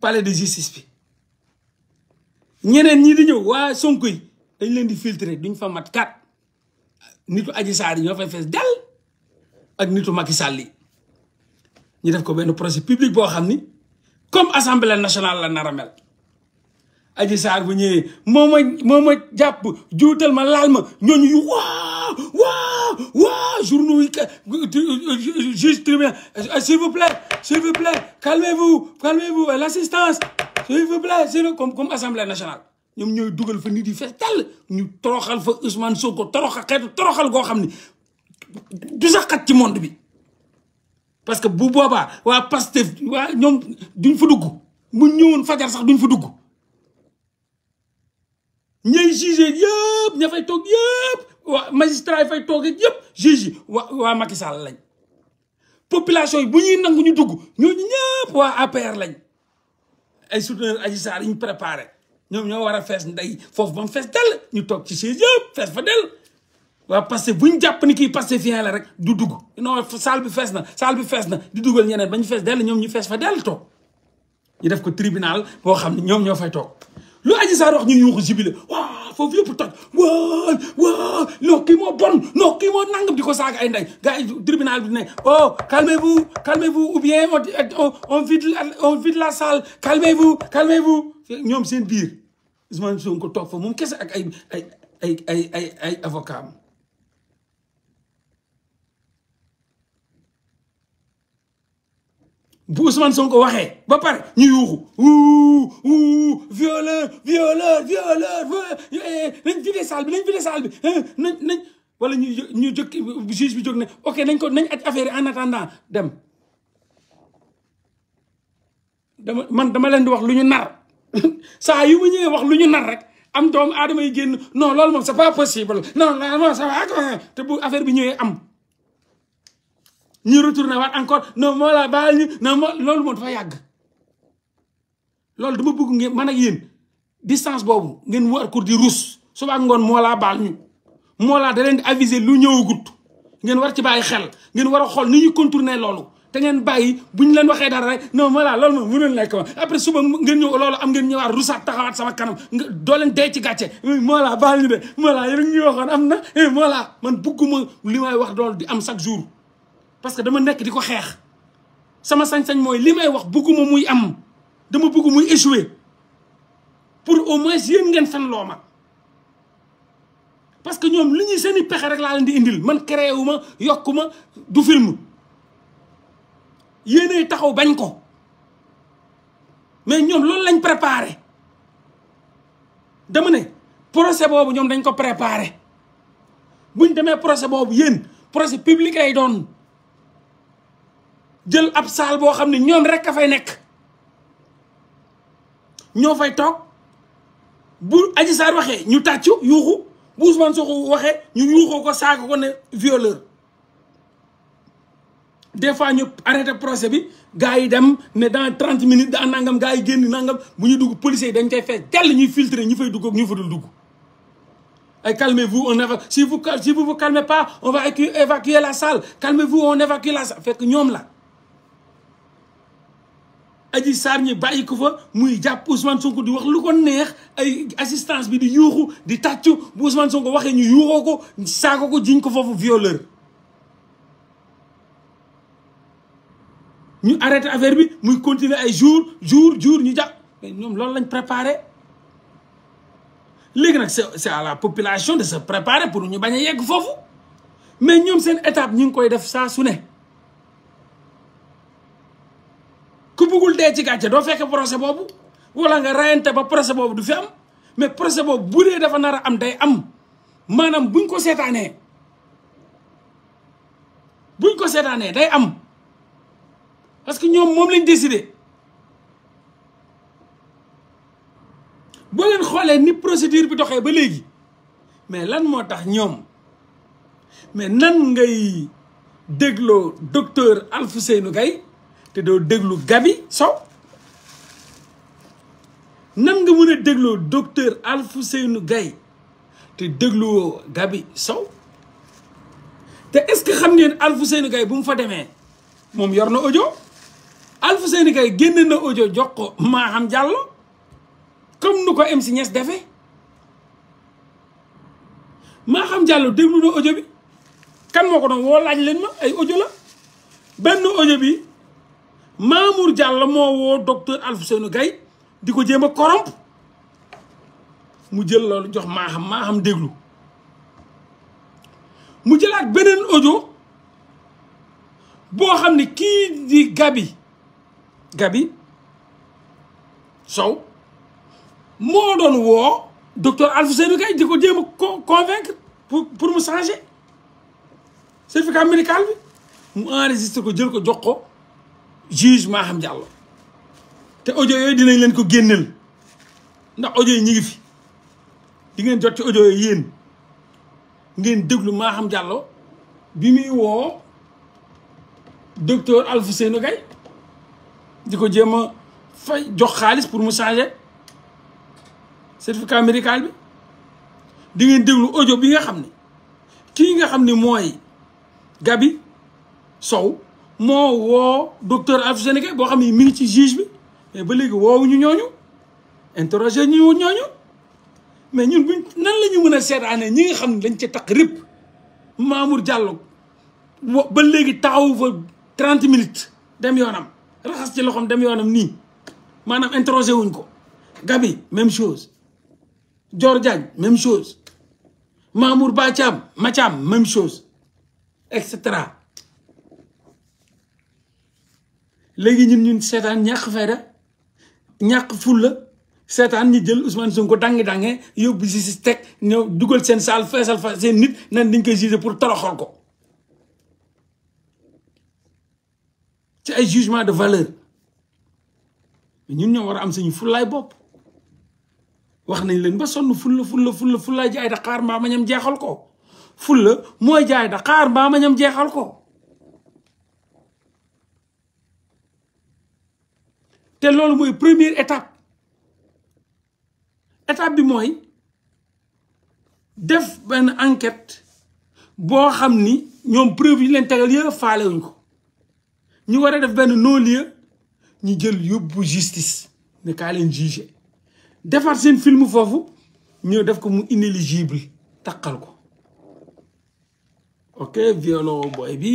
palais de justice bi ñeneen ñii di ñëw waa Sonko yi dañ leen di filtrer duñ fa mat kat nitu Adji Sarr yi ñoo fay fees dell ak nitu Macky Sall yi ñu def ko benn projet public boo xam ni comme assemblée nationale la naramel A Sarr bu ñëwee moma moma japp ma ma s'il vous plaît s'il vous plaît calmez-vous calmez-vous l'assistance s'il vous plaît c'est comme comme assemblée nationale ñom ñoy duggal fa nit yi ñu toroxal fa Ousmane Sonko toroxal toroxal du monde bi parce que bu boba Pasteur, duñ fa dugg mu fajar sax duñ fa dugg nye jije yep ña fay toog yep waa magistrat yi fay toog yëpp juge yi waa waa Macky Sall lañ population yi bu ñuy nangu ñu dugg ñooñu ñëpp waa APR lañ ay souteneur Adji Sarr yi ñu préparé ñoom ñoo war a fees ndey foofu ba mu fees dell ñu toog ci chaise yëpp fees fa dell waa Pastef bu ñu jàpp ni kii Pastefien la rek du dugg non salle bi fees na salle bi fees na é dugal ñeneen ba ñu fees dell ñoom ñu fees fa dell toog tribunal boo xam ne ñoom ñoo fay toog lu Adji Sarr ñu yuuxu faut waaw foofu yëpp toj Wa no non kii bon non kii moo nangam di ko ça ay gars tribunal oh calmez-vous calmez-vous ou bien on on vide on vide la salle calmez-vous calmez-vous ñoom seen biir Ousmane Sonko toog fa moom ak ay ay ay ay avocat bu Ousmane Sonko waxee ba pare ñu yuuxu wuu wuu violeur violeur violeur eh, eh, nañ vidé salle bi nañ vidé salle bi eh, nañ nañ wala ñu ñu jóg juge bi jóg ne ok nañ ko nañ aj affaire en attendant dem dama man dama leen di wax lu ñu nar saa yu ma ñëwee wax lu ñu nar rek am doomu aadama yi génn non loolu moom c'est pas possible non non ça va te bu affaire bi ñëwee am ñu retourné waat encore non moo la baal ñu lool moo loolu moom dafa yàgg loolu dama bëgg ngeen man ak yéen distance boobu ngeen war ko di ruus suba ngoon moo laa baal ñu moo laa da leen lu aviser lu ngeen war ci bàyyi xel ngeen war a xool ni ñuy contourner loolu te ngeen bàyyi bu ñu leen waxee dara rek non voilà loolu moom ma après suba ngeen ñëw loolu am ngeen ñëwaat rusaat taxawaat sama kanam doo leen dee ci gàcce eh, moolaa baal ñu de moolaa yéen a ngi ñuy waxoon am na eh, moolaa man bugguma li may wax dool di am chaque jour parce que dama nek diko xex sama sañ-sañ moy limay wax bëgguma muy am dama bëgg muy échouer pour au moins yéen ngeen fan loo parce que ñom liñu seeni pexe rek la leen di indil man créé wu ma du film yéné taxaw bañ ko mais ñom loolu lañ préparé dama né procès bobu ñom dañ ko préparé buñ démé procès bobu yéen procès public lay doon jël ab rek a fay nek ñoo fay bu Adji Vous waxe ñu tatchu yuuxu bu Ousmane soxo waxe ñu ko sag ko ne violeur des fois ñu ça. procès bi gars dem ne dans 30 minutes da nangam gaay genn nangam bu ñu policiers dañ tay ñuy filtrer ñi fay dugg ak ñu calmez-vous on si vous si vous vous calmez pas on va évacuer la salle calmez-vous on évacue la salle fekk vous Adji Sarr ñi nous fa muy Ousmane Sonko di wax neex ay assistance bi di di bu Ousmane Sonko ñu ko ko violeur ñu bi muy continuer ay jour jour jour ñu nous ñom lañ c'est à la population de se préparer pour ñu baña yegg fofu mais étape ñing koy def ku bëggul dé ci gàcce do fekk procès bobu wala nga rayante ba procès bobu du fi am mais procès bobu bu dee dafa nara am day am manam buñ ko sétané buñ ko sétané day am parce que ñom mom lañ décider bo len xolé ni procédure bi doxé ba légui mais lan moo tax ñoom mais nan ngay dégloo docteur Alfousseynou Gaye te doo déglu Gabi Sow nan nga mën a dégloo docteur Alfousseynou gay te dégluwoo Gabi Sow te est-ce que xam ngeen Alfousseynou gay bu mu fa demee moom yor na audio Alfousseynou Gaye génn na audio jox ko Maham Diallo comme nu ko MC Niass defee Maham Diallo déglu na audio bi kan moo ko doon woo laaj leen ma ay audio la benn audio bi Mamour Diallo moo woo docteur Alfousseynou Gaye di ko jéem a corrompre mu jël loolu jox maaxam maaxam déglu mu jëlaat beneen ojo boo xam ni kii di Gabi Gabi Sow moo doon woo docteur Alfousseynou Gaye di ko jéem a convaincre pour pour mu changer certificat médical bi mu enregistré ko jël ko jox ko. juge xam Diallo te audio yooyu dinañ leen ko génneel ndax audio yi ñu ngi fi dingeen jot ci audio yooyu yéen ngeen déglu Maham Diallo bi muy woo docteur Alfousseynou Gaye di ko jéem a fay jox xaalis pour mu changer certificat médical bi di ngeen déglu audio bi nga xam ne kii nga xam ne mooy Gabi Sow moo woo docteur Alpha Séné Gueye boo xam ne mi ngi ci juge bi mais ba léegi woowuñu ñooñu interroger ñu ñooñu mais ñun buñ nan la ñu mën a seetaane ñi nga xam ne dañ ci taq rip Mamour Diallo ba léegi taxawu fa trente minutes dem yoonam raxas ci loxoom dem yoonam nii maanaam interroger wuñ ko Gabi même chose Dior Diagne même chose Mamour Ba Thiam Mathiam même chose et cetera léegi ñun ñun seetaan ñàkk fayda ñàkk fulla seetaan ñi jël Ousmane Sonko dangi-dange yóbbu si si teg ñëw dugal seen saal feesal fa seen nit nan dañ koy juger pour toroxal ko ci ay jugement de valeur ñun ñoo war a am suñu fullaay bopp wax nañ leen ba sonn fulla fulla fulla fullaay jaay da xaar mbaa ma ñam jeexal ko fulla mooy jaay da xaar mbaa ñam jeexal ko te loolu mooy première étape étape bi mooy def benn enquête boo xam ni ñoom preuve yi leen tegal yëpp faale wuñ ko ñu war a def benn non-lieu ñu jël yóbbu justice ne kaa leen jugé defar seen film foofu ñëw def ko mu inéligible taqal ko ok violon booy bi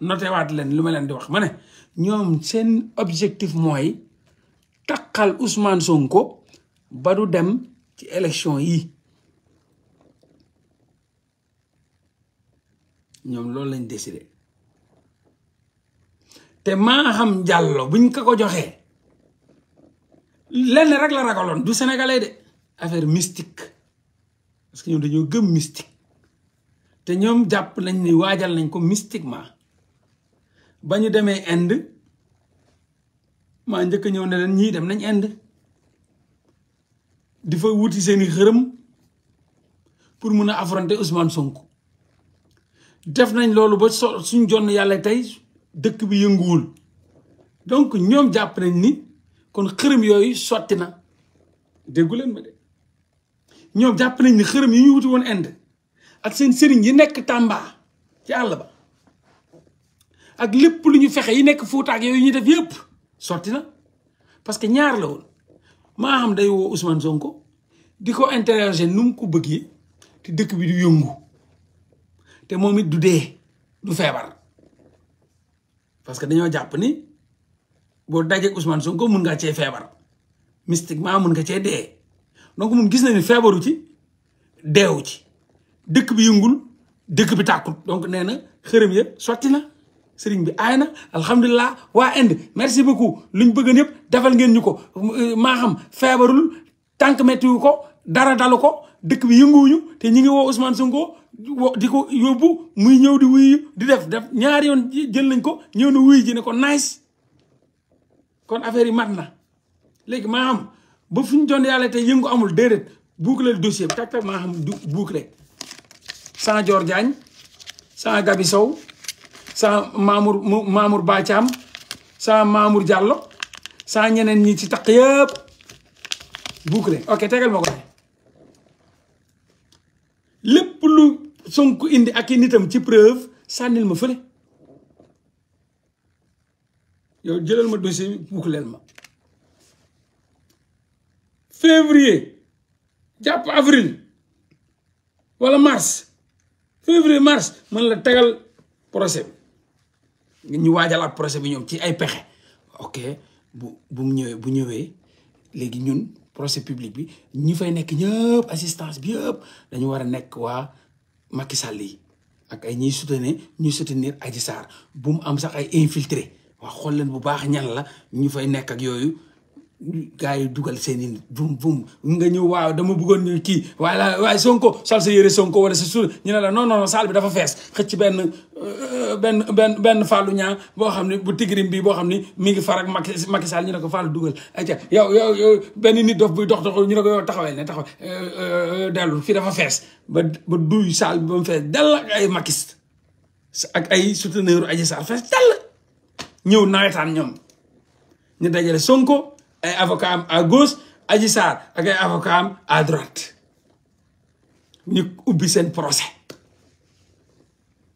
notewaat leen lu ma leen di wax ma ne ñoom seen objectif mooy taqal Ousmane Sonko ba du dem ci élection yi ñoom loolu lañ décidé te maa xam jàllo buñ ko ko joxee lenn rek la ragaloon du sénégalais de affaire mystique parce que ñoom dañoo gëm mystique te ñoom jàpp nañ ni waajal nañ ko mystiquement ba ñu demee Inde maa njëkk ñëw ne leen ñii dem nañ Inde di fa wuti seeni xërëm pour mun a affronter Ousmane Sonko def nañ loolu ba suñ jonn yàlla tey dëkk bi yënguwul donc ñoom jàpp nañ ni kon xërëm yooyu sotti na déggu leen de ñoom jàpp nañ ni xërëm yi ñu wuti woon Inde ak seen sëriñ yi nekk Tamba ci àll ba ak lépp lu ñu fexe yi nekk Fuuta ak yooyu ñu def yëpp sotti na parce que ñaar la woon maa xam day woo Ousmane Sonko di ko interroger nu mu ko yi te dëkk bi du yëngu te moom it du dee du feebar parce que dañoo jàpp ni boo dajee usman Sonko mun ngaa cee feebar mystiquement mun nga cee dee donc moom gis nañu feebaru ci deewu ci dëkk bi yëngul dëkk bi tàkkut donc nee na xërëm ya sotti na. sëriñ bi aay na alhamdulilah waa Inde merci beaucoup luñ bëgg yëpp defal ngeen ñu ko maa feebarul tànk mettiwu ko dara dalu ko dëkk bi yënguwuñu te ñu ngi woo Ousmane Sonko di ko yóbbu muy ñëw di wuyu di def def ñaari yoon jël nañ ko ñëw na wuyu ji ne ko nice kon affaire yi mat na léegi maa xam ba fu ñu doon yàlla te yëngu amul déedéet boucler dossier bi tak tak maa xam boucler sans Dior Diagne sans Gabi Sow sans Mamour Mamour Bàccaam sans Mamour Diallo sans ñeneen ñi ci taq yëpp bouclé ok tegal ma ko lépp lu Sonko indi ak i nitam ci preuve sànnil ma fële yow jëlal ma dossier bi boucleel ma février jàpp avril walla mars février mars man la tegal procès ñu waajalaat projet bi ñoom ci ay pexe ok bu bu ñëwee bu ñëwee léegi ñun procès public bi ñu fay nekk ñëpp assistance bi yëpp dañu war a nekk waa Macky Sall yi ak ay ñiy soutenir ñu soutenir Adji Sarr bu mu am sax ay infiltré wax xool leen bu baax ñan la ñu fay nekk ak yooyu gaa yi dugal seen i bum nga ñëw waaw dama buggoon ñu kii wala waaye Sonko sol sa yére Sonko wala si suul ñu ne la non non saal bi dafa fees xëcc benn euh, benn benn benn Fallou ñaa boo xam ne bu tigrim bii boo xam ne mi ngi farak Macky Macky Sall ñu ne ko Fallou dugal ayca yow yow benn nit dof buy dox dox ñu ne ko yow euh, euh, dellu fii dafa fees ba ba duy ak ay makis ak ay souteneur Adji Sarr fees dell ñëw nawetaan ñoom ñu dajale Sonko ay avocat agos aji gauche Adji Sarr ak ay avocat am à droite seen procès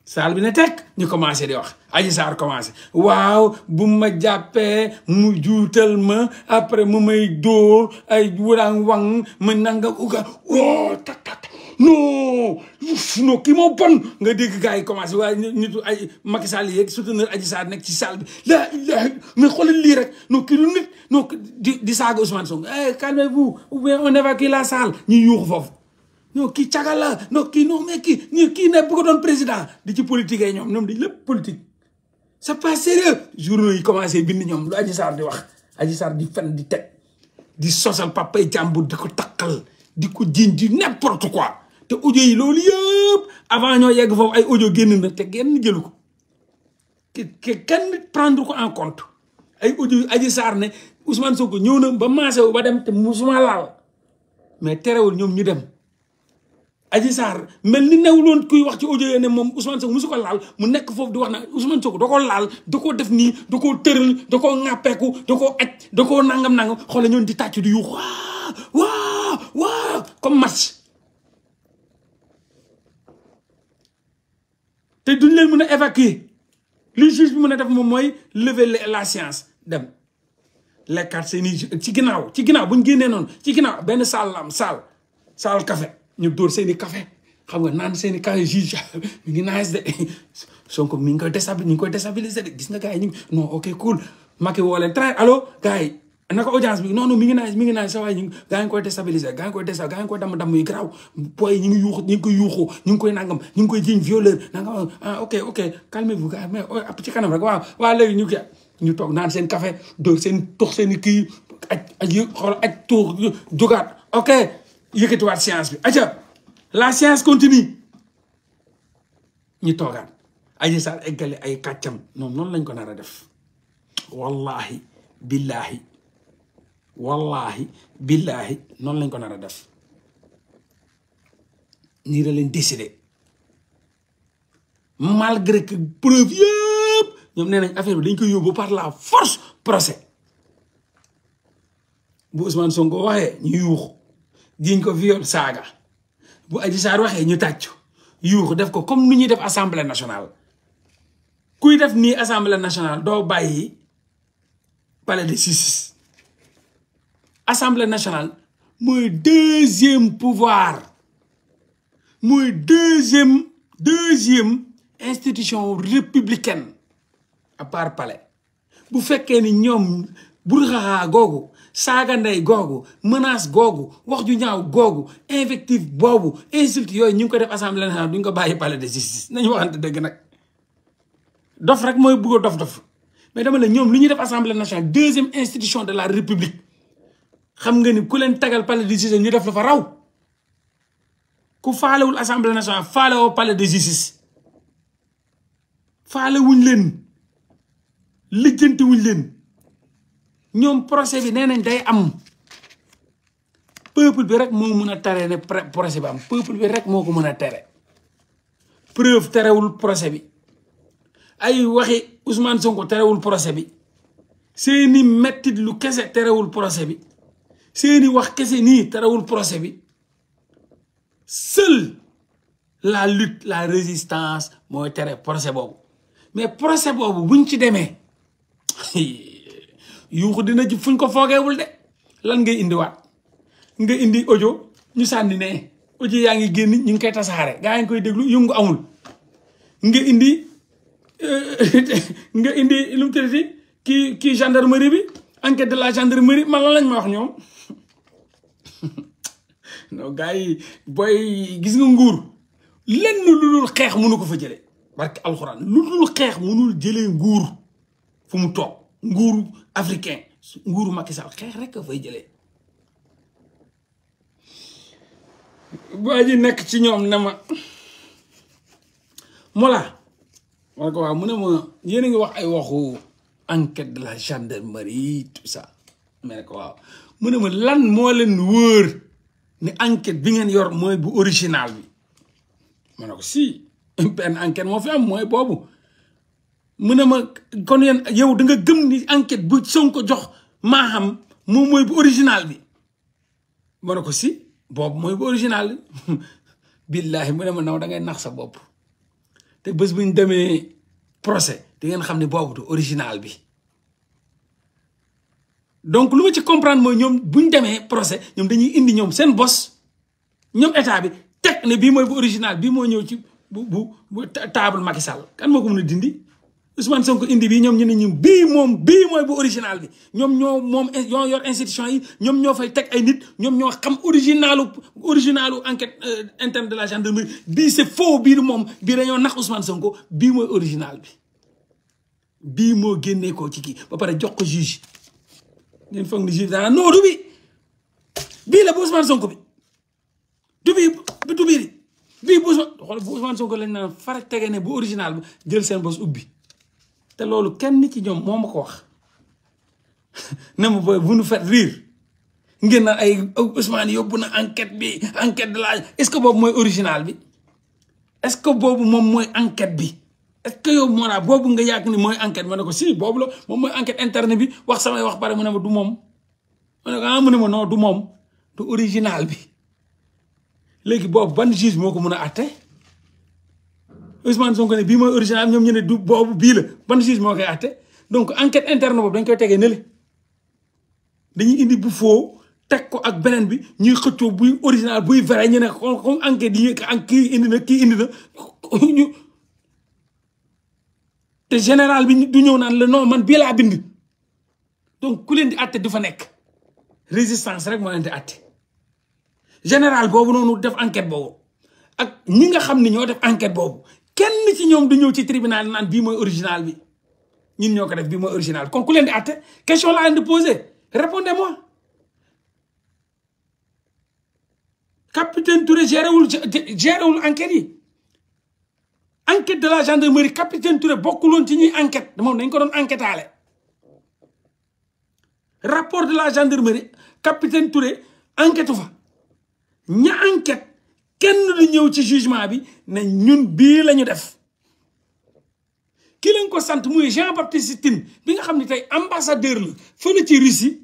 saal bi ne teg ñu commencé di wax Adji saar commencé waaw bu ma jàppee mu juutal ma après mu may dóor ay wuraan wang ma nanga uga woo non non kii moo bon nga dégg gars yi commencé waaye nitu ay Macky Sall yeeg souteneur Adji Sarr nekk ci salle bi la la mais xoolal lii rek non kii du nit non di di saaga Ousmane Sonko eh calmez-vous ou bien on évacue la salle ñu yuuxu foofu non ki cagal la non kii non mais kii ñu ne bu ko doon président di ci politique ay ñoom ñoom dañ lépp politique c'est pas sérieux journaux yi commencé bind ñoom lu Adji Sarr di wax Adji Sarr di fen di teg di sosal papay jàmbur di ko takkal di ko ji di n'importe quoi te audio yi lolou yeb avant ñoo yegg fofu ay audio genn na te genn jëlu ko ke kenn prendre ko en compte ay audio aji sar ne Ousmane Sonko ñew na ba maase wu ba dem te musuma laal mais téréwul ñom ñu dem aji sar mel ni newuloon kuy wax ci audio yi ne mom Ousmane Sonko musu laal mu nekk fofu di wax na Ousmane Sonko da laal da def ni da teurel tëral ngapeku koo acc da nangam-nangam xol ñoon di tàcc du yu wa wa comme match Et duñ évacuer Le juge bi lever la science. dem les cartes, ci les ci ginnaaw bu ñu génnee ci café nous dóor café xam juge nice de Sonko mi ngi déstabiliser ngi déstabiliser ok cool Make it leen naka audience bi non non mi ngi naan mi ngi naan sa waay ñu gaa ngi koy déstabiliser gaa ngi koy déstabiliser gaa ngi koy damm damm yu garaaw booy ñu ngi yuuxu ñu ngi yuuxu ñu ngi koy nangam ñu ngi koy jiñ violeur nangam ah ok ok calmez vous gars mais oh, ci kanam rek waaw waaw ñu kii ñu toog naan seen café dóor seen tox seen kii aj aj xool aj tuux jógaat ok yëkkatiwaat séance bi aca la séance continue ñu toogaat aji saar eggale ay kàccam noonu noonu lañ ko nar a def wallahi billahi Wallahi, Billahi, non lañ ko nara def ni la leen décidé malgré que preuve yépp ñom nenañ affaire bi dañ koy par la force procès bu Ousmane Sonko waxé ñu yuux diñ ko viol saga bu Adji Sarr waxé ñu taccu yuux def ko comme nu def assemblée nationale kuy def ni assemblée nationale do bayyi palais de justice assemblée nationale mon deuxième pouvoir mon deuxième deuxième institution républicaine à part palais bu fekkee ni ñoom burxaxaa gogo, saaga ndey menace gogo, wax ju ñaaw invective boobu insulte yooyu ñu ngi ko def assemblée nationale duñ ko bàyyi palais de justice Nous waxante dëgg nag dof rek mooy bëgg a dof dof mais dama ne ñoom lu ñuy def assemblée nationale deuxième institution de la république xam nga ni ku leen tagal palais de justice ñu def la fa raw ku faalewul assemblée nationale faalewoo palais de justice faale wuñ leen lijjanti wuñ leen ñoom procès bi nee nañ day am peuple bi rek moo mën a tere ne procès bi am peuple bi rek moo ko mën a tere preuve terewul procès bi ay waxi Ousmane Sonko terewul procès bi seeni mettit lu kese terewul procès bi seeni wax kese ni tarawul procès bi seul la lutte la résistance mo tere procès bobu mais procès bobu buñ ci yu ko dina ci fuñ ko foogeewul dé lan ngay wat nga indi audio ñu sànni ne audio yaangi génn ñu ngi koy tassaré gaa ngi koy déglu yëngu amul nga indi nga indi lu mu ki kii gendarmerie bi enquête de la gendarmerie man lan lañ ma wax ñoom non gars yi booy gis nga nguur lenn lu dul xeex mënu ko fa jële parce que alxuraan lu dul xeex mënul jële nguur fu mu toog nguur africain nguuru Macky Sall xeex rek a fay jëlee waa yi nekk ci ñoom ne ma Mollah ma ne ko waaw mu ne ma yéen a ngi wax ay waxu enquête de la gendarmerie tout ça mais ne waaw lan mo len weur ni enquête bi ngeen yor moy bu original bi ma ko si benn enquête mo fi am moy bobu mune ma kon yeen yow da nga gëm ni enquête bu Sonko jox ma xam mo moy bu original bi ma ko si boobu moy bu original billahi mune ma naw da ngay nax sa bop te bés bu démé procès di ngeen xam ne boobu original bi donc lu ma ci comprendre mooy ñoom bu ñu demee procès ñoom dañuy indi ñoom seen bos ñoom état bi teg ne bii mooy bu original bii moo ñëw ci bu bu bu table Macky Sall kan moo dindi Ousmane Sonko indi bii ñoom ñu ne ñu bii moom bii mooy bu original bi ñoom ñoo moom ñoo yor institution yi ñoom ñoo fay teg ay nit ñoom ñoo xam originalu originalu enquête euh, interne de la gendarmerie bii c'est faux bii moom bii dañoo nax Ousmane Sonko bii mooy original bi. bi mo génnee ko ci ki ba paré jox ko juge ñen foog ni juge dana non bi bi la bu Ousmane Sonko bi du bi du bi bi bu Ousmane xool bu Ousmane Sonko lañ na fara tege ne bu original bu jël sen boss ubbi té lolu kenn ci ñom momako wax ne ma boy bu nu faites rire ngeen naan ay Ousmane yóbbu na enquête bi enquête de la est-ce que bobu moy original bi est-ce que bobu mom moy enquête bi est-ce que yow Mara boobu nga yàgg ni mooy enquête ma ne ko si boobu la moom mooy enquête interne bi wax samay wax pare mu ne ma du moom ma ne ko ah mu ne ma non du moom du original bi léegi boobu ban juge moo ko mën a àtte Ousmane Sonko ne bii mooy original ñoom ñu ne du boobu bii la ban juge moo koy àtte donc enquête interne boobu dañ koy tegee nële dañuy indi bu foo teg ko ak beneen bi ñuy xëccoo buy original buy vrai ñu ne comme enquête yi kii indi na kii indi na ñu. te général bi du ñëw naan la non man bii laa bind donc ku leen di àtte du fa nekk résistance rek moo leen di àtte général boobu noonu def enquête boobu ak ñi nga xam ni ñoo def enquête boobu kenn ci ñoom du ñëw ci tribunal naan bii mooy original bi ñun ñoo ko def bii mooy original kon ku leen di àtte question laa leen di posé répondez-moi capitaine Touré géré wul enquête yi. enquête de la gendarmerie capitaine Touré loon ci ñuy enquête moom dañ ko doon enquêtaale rapport de la gendarmerie capitaine Touré enquête fa ña enquête kenn du ñëw ci jugement bi ne ñun bii lañu def ki leen ko sant muy Jean Baptiste Tine bi nga xam ni tey ambassadeur la fële ci Russie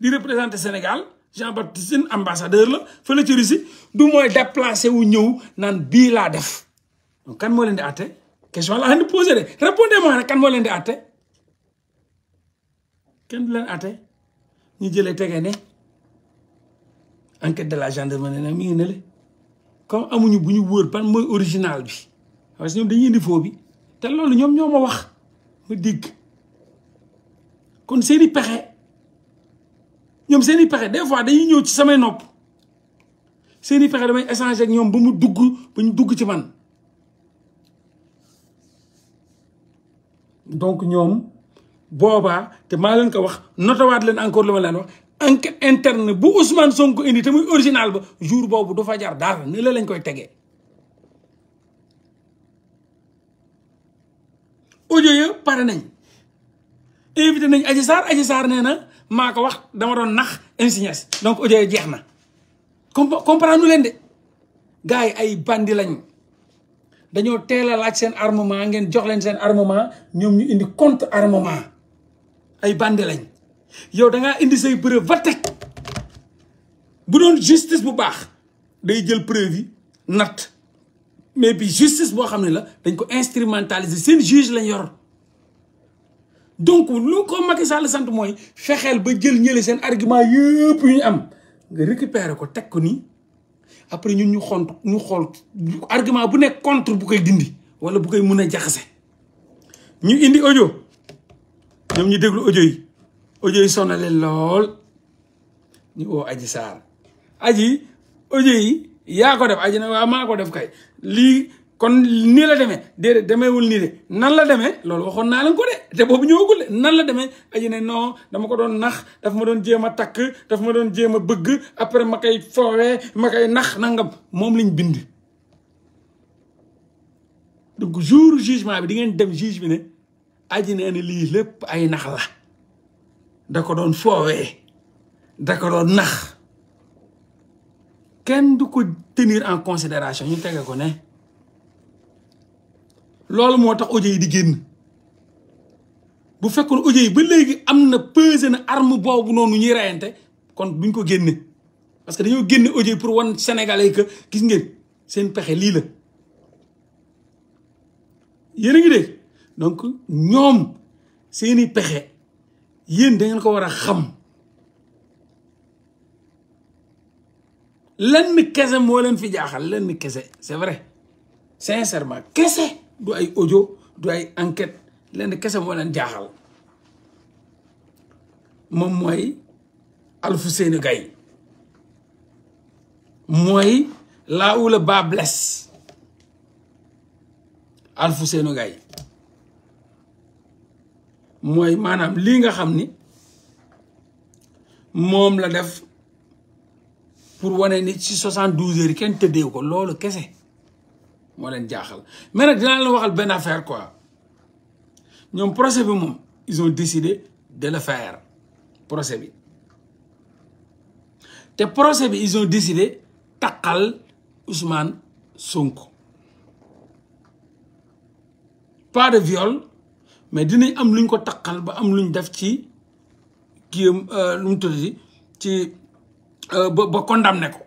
di représenter Sénégal Jean Baptiste Tine ambassadeur la fële ci Russie du mooy déplacé wu ñëw naan bii laa def donc kan moo leen di àtte question la andi posé de répondez-moi ken kan moo leen di àtte kenn du leen àtte ñu jëlee tege ne enquête de la gendarmerie nag mi ngi ne le comme amuñu bu ñu wóor ban mooy original bi parce que ñoom dañuy indi faux bi te loolu ñoom ñoo ma wax ma dégg kon seen i pexe ñoom seen i pexe des fois dañuy ñëw ci samay nopp seen i pexe damay échanger ak ñoom ba mu dugg ba ñu dugg ci man. donc ñoom boobaa te maa leen ko wax notawaat leen encore la ma leen wax enquête internet bu Ousmane sonk indi te muy original ba jour boobu du fa jar dara ne la lañ koy tegee. audio ya pare nañ invité nañ Adji saar Adji saar nee na maa ko wax dama doon nax insignes donc ojo ya jeex na comprendre nu leen de gars yi ay bandi lañ. dañu téla laaj seen armement ngeen jox leen seen armement ñom ñu indi compte armement ay bandé lañ yow da nga indi say preuve va tek bu doon justice bu baax day jël preuve yi natt mais bi justice bo xamné la dañ ko instrumentaliser seen juge lañ yor donc lu ko Macky Sall sante moy fexel ba jël ñëlé seen argument yépp yu ñu am nga récupérer ko tek ko ni après ñun ñu xont ñu xool argument bu nekk contre bu kay dindi wala bu koy mun a jaxase ñu indi audio ñoom ñu déglu audio yi audio yi lool ñu woo Adji Sarr aji audio yaa ko def aji na waaw maa ko def kay kon nii la demee déedéet demeewul nii de nan la demee loolu waxoon naa leen ko de te boobu ñëwagul de nan la demee aji ne non dama ko doon nax daf ma doon jéem a takk daf ma doon jéem a bëgg après ma koy foowee nax nangam moom lañ bind donc jour jugement bi di ngeen dem juge bi ne aji nee ne lii lépp ay nax la da ko doon foowee da ko doon nax kenn du ko tenir en considération ñu tege ko ne loolu moo tax audio yi di génn bu fekkoon audio yi ba léegi am na pesé na arme boobu noonu ñuy reyante kon buñ ko génne parce que dañoo génne audio yi pour wan sénégalais que gis ngeen seen pexe lii la yéen a ngi donc ñoom seeni pexe yéen da ngeen ko war a xam lenn kese moo leen fi jaaxal lenn kese c'est vrai sincèrement kese du ay ojo du ay enquête lenn kese moo jaaxal moom mooy alfu Alfousseyni gay mooy là où le bas blesse Alfousseyni Gaye mooy maanaam lii nga xam ni moom la def pour wane ni ci soixante douze heures yi kenn tëddeew ko loolu kese moo leen jaaxal mais nag dinaa leen waxal benn affaire quoi ñoom procès bi moom ils ont décidé de le faire procès bi te procès bi ils ont décidé taqal Ousmane Sonko pas de viol mais dinañ am luñ ko taqal ba am luñ def ci kiyam euh, lu mu tudd ci euh, ba ba condamné ko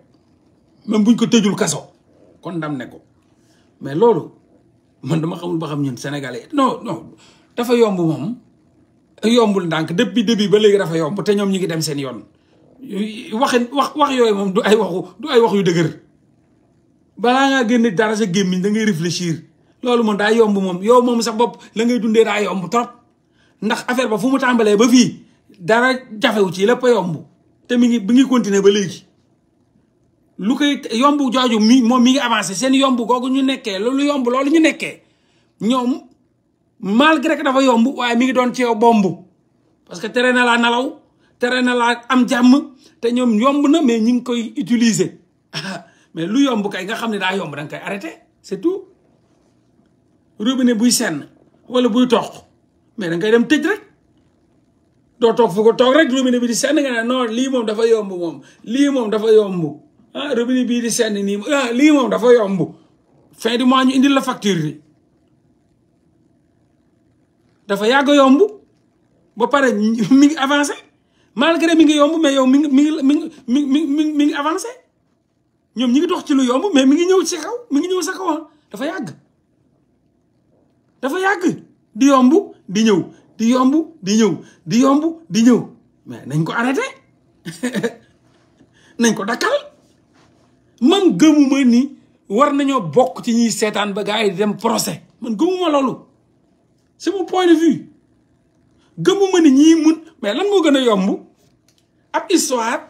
même buñ ko tëjul kaso condamné ko mais loolu man dama xamul ba xam ñun sénégalais non non dafa yomb moom yombul ndànk depuis début ba léegi dafa yomb te ñoom ñi ngi dem seen yoon waxin wax wax yooyu moom du ay waxu du ay wax yu dëgër balaa ngaa génne dara sa gémmiñ da ngay réfléchir loolu moom daa yomb moom yow moom sa bopp la ngay dundee daa yomb trop ndax affaire ba fu mu tàmbalee ba fii dara jafewu ci lépp a yomb te mi ngi bi ngi continuer ba léegi lu koy yomb jooju mi moom mi ngi avancé seen yomb googu ñu nekkee loolu yomb loolu ñu nekkee ñoom malgré que dafa yomb waaye mi ngi doon ci yow bomb parce que tere na laa nalaw tere na laa am jàmm te ñoom yomb na mais ñi ngi koy utiliser mais lu yombu ka yi nga xam ne daa yomb da nga koy arrêté c'est tout buy senn wala buy toq mais da nga dem tëj rek doo toog fu toog rek robinet bi di lii moom dafa yomb lii moom dafa yomb ah robinet bii di senn nii ah lii oo dafa yomb fin du mois ñu indil la facture bi dafa yàgg yomb ba pare mi ngi avancé rek mi ngi yomb mais yow mi ngi mi ngi mi ngi mi ngi mi ngi avancé ñoom ñi ngi dox ci lu yomb mais mi ngi ñëw ci kaw mi ngi ñëw sa kaw ah. dafa yàgg dafa yàgg di yomb di ñëw di yomb di ñëw di yomb di ñëw mais nañ ko arrêté nañ ko dakkal man gëmuma ni war nañoo bokk ci ñuy seetaan ba gars yi dem procès man gëmuma loolu c'est mon point de vue gëmuma ni ñii mun mais lan moo gën a yomb ab histoire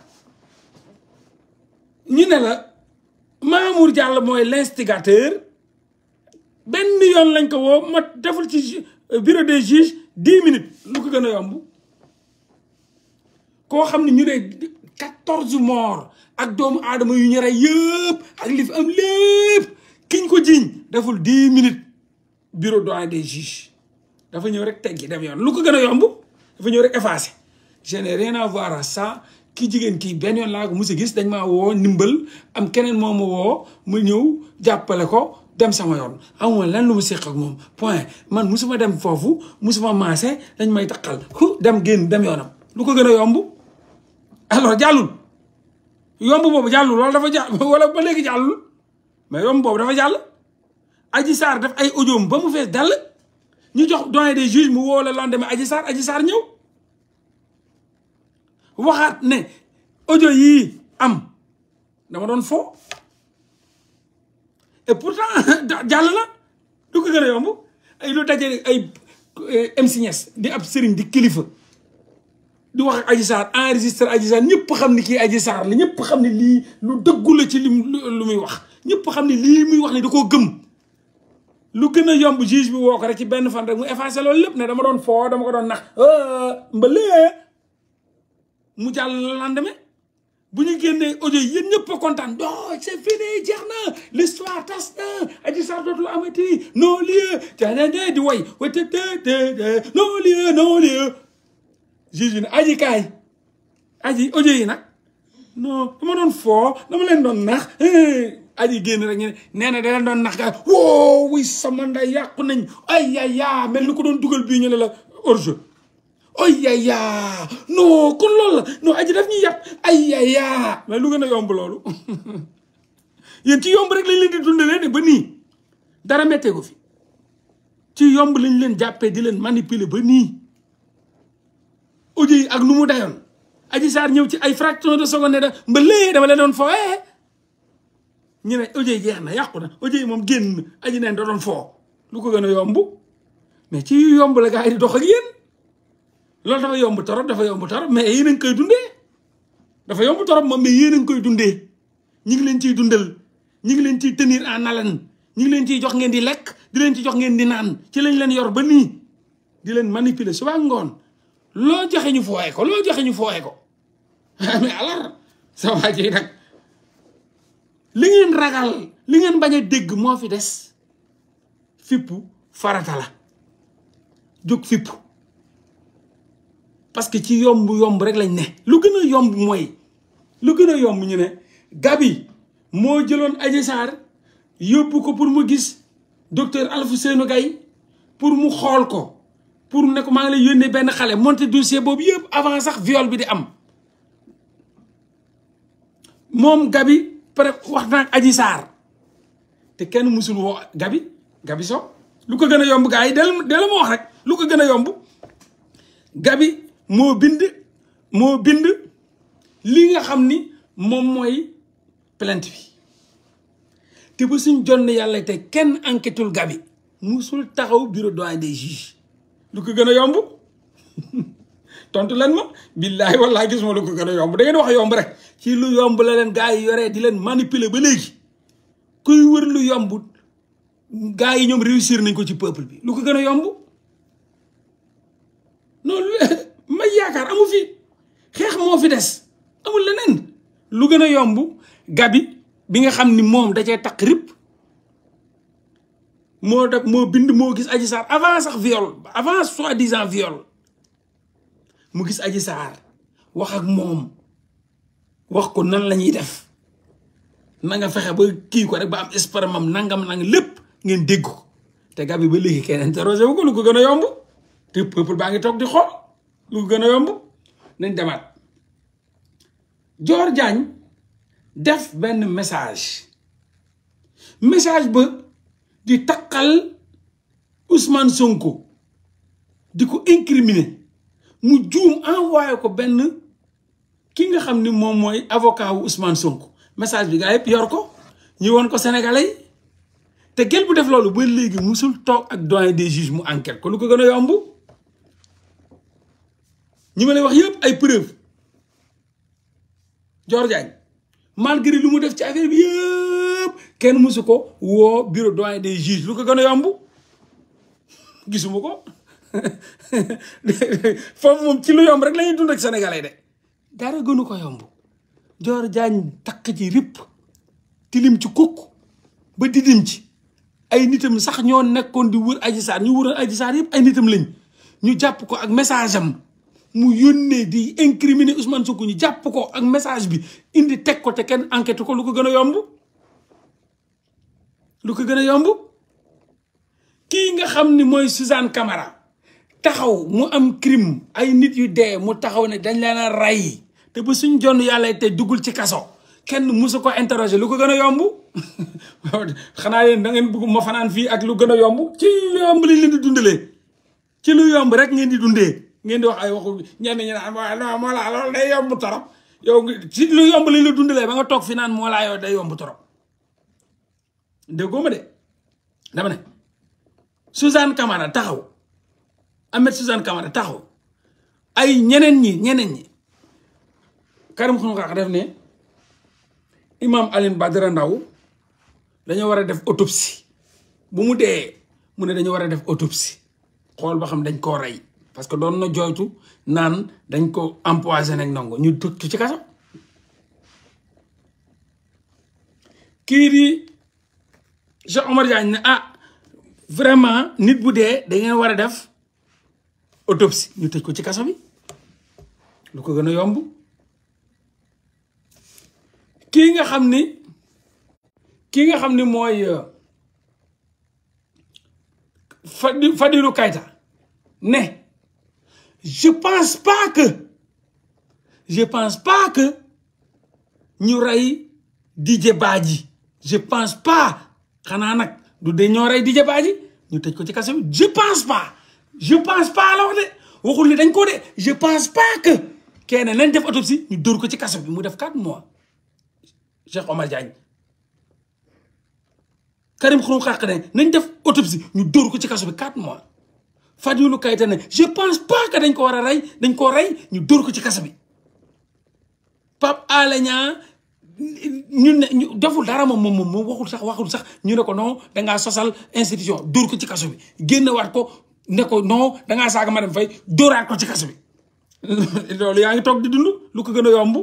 ñu ne la Mamour jàll mooy l'instigateur benn yoon lañ ko woo ma deful ci bureau des juges dix minutes lu ko gën a yomb koo xam ne ñu ne quatorze morts ak doomu aadama yu ñu rey li am lépp kiñ ko jiiñ deful dix minutes bureau doyen des juges dafa ñëw rek teggi dem yoon lu ko gën a yomb dafa ñëw rek effacé je n'ai jigéen kii benn yoon laa ko mos gis dañ maa woo ndimbal am keneen moo ma woo mu ñëw jàppale ko dem sama yoon amuma lan lu ma séq ak moom man musuma dem foofu musuma maase dañ may taqal ku dem génn dem yoonam lu ko gën a yomb alors jàllul yomb boobu jàllul wala dafa jàll wala ba léegi jàll mais yomb boobu dafa jàll aji Sarr def ay audiom ba mu fees dell ñu jox doyen des juges mu woo la lendemain Adji Sarr Adji Sarr ñëw waxaat ne audio yii am dama doon foo et pourtant jàll na du ko gën a yomb ay lu daje ay eh, MC Niass di ab sëriñ di kilifa di wax ak Adji Sarr enregistré Adji Sarr ñëpp xam ni ki Adji Sarr la ñëpp xam ne lii lu dëggu la ci li lu muy wax ñëpp xam ni lii muy wax ni da koo gëm lu gën a yomb juge bi woo ko rek ci benn fan rek mu effacé loolu lépp ne dama doon foo dama ko doon nax ah, mbalee mu jàll lendemain bu ñu génnee audio yéen ñëpp a kontaan non c'est fini jeex na l'histoire tas na Adji Sarr dootul amati non lieu di way wate non lieu non lieu juge ne aji kaay aji audio yi nag non dama doon foo dama leen doon nax aji génn rek ne nee na da leen doon nax kaay woo wuy sama nday yàqu nañ ay ya yaa mel nu ko doon dugal bii ñu ne la hors-jeu ay ya yaa non kon loolu la non aji daf ñuy yàq ay ya yaa mais lu gën a yomb loolu ci yomb lañ leen di dundalee ne ba nii dara méttee ko fi ci yomb lañ leen jàppee di leen manipuler ba nii audio yi ak lu mu dayoon Adji Sarr ñëw ci ay fraction de seconde da mba léegi dama leen doon fo eh? ñu ne audio yi jeex na yàqu na audio yi moom génn aji neen da doon foo lu ko gën a yomb mais ci yombu la gars yi di dox ak yéen loolu dafa yomb torop dafa yomb torop mais yéen koy dundee dafa yomb torop moom mais yéen a koy dundee ñi ngi leen ciy dundal ñi ngi leen ciy tenir en haleine ñi ngi leen ciy jox ngeen di lekk di leen ci jox ngeen di naan ci lañ leen yor ba nii di leen manipuler suba ngoon loo joxe ñu fooyee ko loo joxe ñu fooyee ko mais alors sa waa ji nag li ngeen ragal li ngeen bañ a dégg moo fi des fippu farata la jóg fippu parce que ci yomb yomb rek lañ ne lu gën a yomb mooy lu gën a yomb ñu ne Gabi moo jëloon Adji Sarr yóbbu ko pour mu gis docteur seenu Gaye pour mu xool ko pour ne ko maa ngi lay yónnee benn xale monter dossier boobu yëpp avant sax viol bi di am mom Gabi pare wax naa ak Adji te kenn musul wo Gabi Gabi so lu ko gën yomb gaay yi del del ma wax rek lu ko yomb Gabi mo bind mo bind li nga xamni mom moy plainte bi te bu suñ jonne yalla te kenn enquêteul Gabi musul taxaw bureau doyen des juges lu ko gën a yomb tontu leen ma billahi wallahi gis ma lu ko gën a yomb da ngeen wax yomb rek ci lu yomb la leen gars yi yoree di leen manipuler ba léegi kuy wër lu yomb gars yi ñoom réussir nañ ko ci peuple bi lu ko gën a yomb noonu may yaakaar amu fi xeex moo fi des amul leneen lu gën a yomb gabi bi nga xam ni moom da cee taq rip moo def moo bind moo gis aji Sarr avant sax viol avant soi-disant viol mu gis aji Sarr wax ak moom wax ko nan la ñuy def na nga fexe ba kii ko rek ba am sperme nangam nang lépp ngeen dégg ko te gab yi ba léegi kenn interrogé wu ko lu ko gën a yomb te peuple baa ngi toog di xool lu ko gën a yomb nañ demaat joor Diagne def benn message message ba. di takkal Ousmane Sonko di ko incriminer mu juum envoyé ko benn ki nga xam ni moom mooy avocat wu Ousmane Sonko message bi nga yëpp yor ko ñi woon ko sénégalais te gel bu def loolu ba léegi musul toog ak doyen des juges mu enquête ko lu ko gën a yomb ñi ma lay wax yëpp ay preuve Dior Diagne lu mu def ci affaire bi yëpp kenn mësu ko woo bureau doyen des juges lu ko gën a yomb gisuma ko foofu moom ci lu yomb rek la ñuy dund ak de dara gënu ko yomb joor jaañ takk ci ripp tilim ci kukk ba didim ci ay nitam sax ñoo nekkoon di wër Adji Sarr ñu wëroon Adji Sarr yëpp ay nitam lañ ñu jàpp ko ak message am mu yónnee di incriminer Ousmane Sonko ñu jàpp ko ak message bi indi teg ko te kenn enquête ko lu ko gën a yomb lu ko gën a yomb kii nga xam ni mooy Suzanne kamara taxaw mu am crime ay nit yu dee mu taxaw ne dañ leen a rey te ba suñ jonn yàlla te duggul ci kaso kenn musu ko interroger lu ko gën a yomb xanaa yéen da ngeen bëgg ma fanaan fii ak lu gën a yomb ci yomb lañ leen di dundalee ci lu yomb rek ngeen di dundee ngeen di wax ay waxu ñenn ñi naan moo laa loolu day yomb torop yow ci lu yomb lañ lu dundalee ba nga toog fi naan moo laa yow day yomb torop déggoo ma de dama ne Suzanne Camara taxaw Ahmed Suzanne Camara taxaw ay ñeneen ñi ñeneen ñi Karim Xrum-Xax def ne imam Alioune Badara ndaw dañoo war a def autopsie bu mu dee mu ne dañoo war a def autopsie xool ba xam dañ koo rey parce que doon na jooju naan dañ koo empoisonné nañ nangu ñu tukki ci kaso kii jean Omar Diagne ah vraiment nit da autopsie ñu tëj ko ci kaso Nous lu ko je yomb Nous nga nga Nous Moi... Euh, ne je pense pas que je pense pas que ñu rey Didier Badji je pense pas xanaa nag du dee ñoo rey Didier Badji ñu tëj ko ci kaso bi je pense pas je pense pas la wax de waxul ne dañ koo de je pense pas que kenn nañ def autopsie ñu dóor ko ci kaso bi mu def 4 mois Cheikh Omar Diagne Karim Xrum Xax ne nañ def autopsie ñu dóor ko ci kaso bi 4 mois Fadilou Keita ne je pense dañ ko war a rey dañ koo rey ñu dóor ko ci kaso bi Pape ñu ne ñu deful dara moom moom moom waxul sax waxul sax ñu ne ko non dangaa sosal institution dóor ko ci kaso bi génnewaat ko ne ko non dangaa saaga Marème Faye dóoraat ko ci kaso bi loolu yaa ngi toog di dund lu ko gën a yomb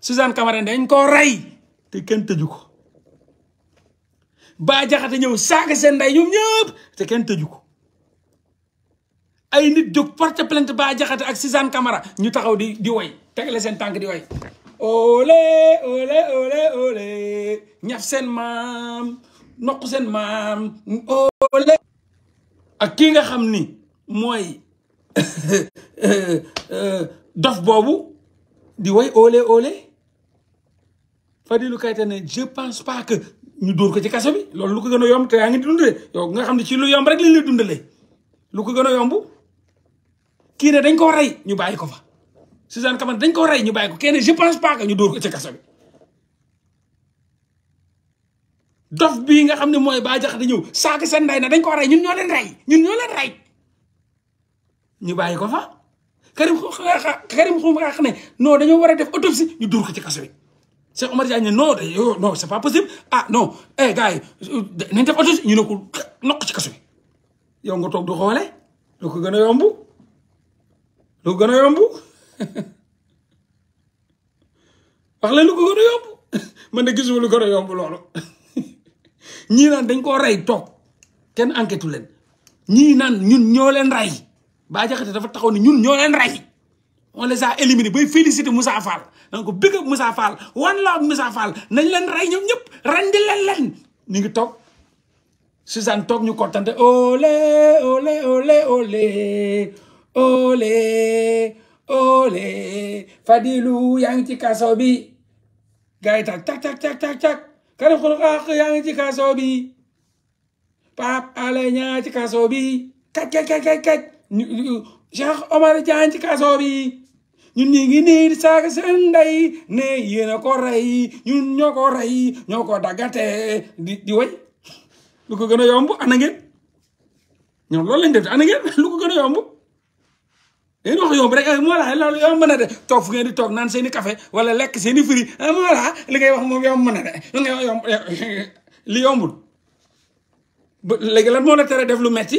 Suzanne kamara dañ koo rey te kenn tëju ko Bah Diakhaté ñëw saaga seen ndey ñoom te kenn tëju ko ay nit jóg porte plainte Bah Diakhaté ak Suzanne Camara ñu taxaw di di woy tegale seen tànk di woy olé olé olé olé ñaf seen maam noq seen maam olé ak kii nga xam ni mooy dof boobu di woy olé olé Fadilou Keita ne je pense pas que ñu dóor ko ci kaso bi loolu lu ko gën a yomb te yaa ngi dundale yow nga xam ne ci lu yomb rek lañ la dundale lu ko gën a yomb kii ne dañ ko rey ñu bàyyi ko fa Suzanne Camara dañ ko rey ñu bàyyi ko kenn je pense pas que ñu dóor ko ci kaso bi dof bii nga xam ne mooy baa jax da ñëw saaka seen nday na dañ ko rey ñun ñoo leen rey ñun ñoo leen rey ñu bàyyi ko fa Karim Karim Xrum Xax ne noo dañoo war a def autopsie ñu dóor ko ci kaso bi Cheikh Omar Diagne ne non da non c'est pas possible ah non eh gars nañ def autopsie ñu ne ko nokk ci kaso bi yow nga toog du xoole lu ko gën a yomb lu ko gën wax leen lu ko gën a yomb man de gisuma lu gën a loolu ñii nan dañ koo rey toog kenn enquête leen ñii naan ñun ñoo leen rey Bah te dafa taxaw ni ñun ñoo leen rey on les a éliminés bay félicité Moussa Fall donc big up Moussa Fall one love Moussa Fall nañ leen rey ñoom ñëpp rendi leen leen ñu ngi toog Suzanne toog ñu kontante olé olé olé olé ole Fadilu yang cikasobi sobi. Gaya tak tak tak tak tak tak. Kalau yang cikasobi Pap alenya cika sobi. Kat kat kat kat kat. Jax Omar Jan cikasobi sobi. ñun ñi ngi ni di sen day ne yena ko ray ñun ñoko ray ñoko dagate di di way lu ko gëna yomb ana ngeen ñoom lañ def lu ko gëna yomb day wax yow rek moo la loolu yow mën na de toog di toog naan seen i café wala lekk seen i firi moo la li ngay wax moom yow mën na de li ngay wax yow li yombul léegi lan moo la tere def lu metti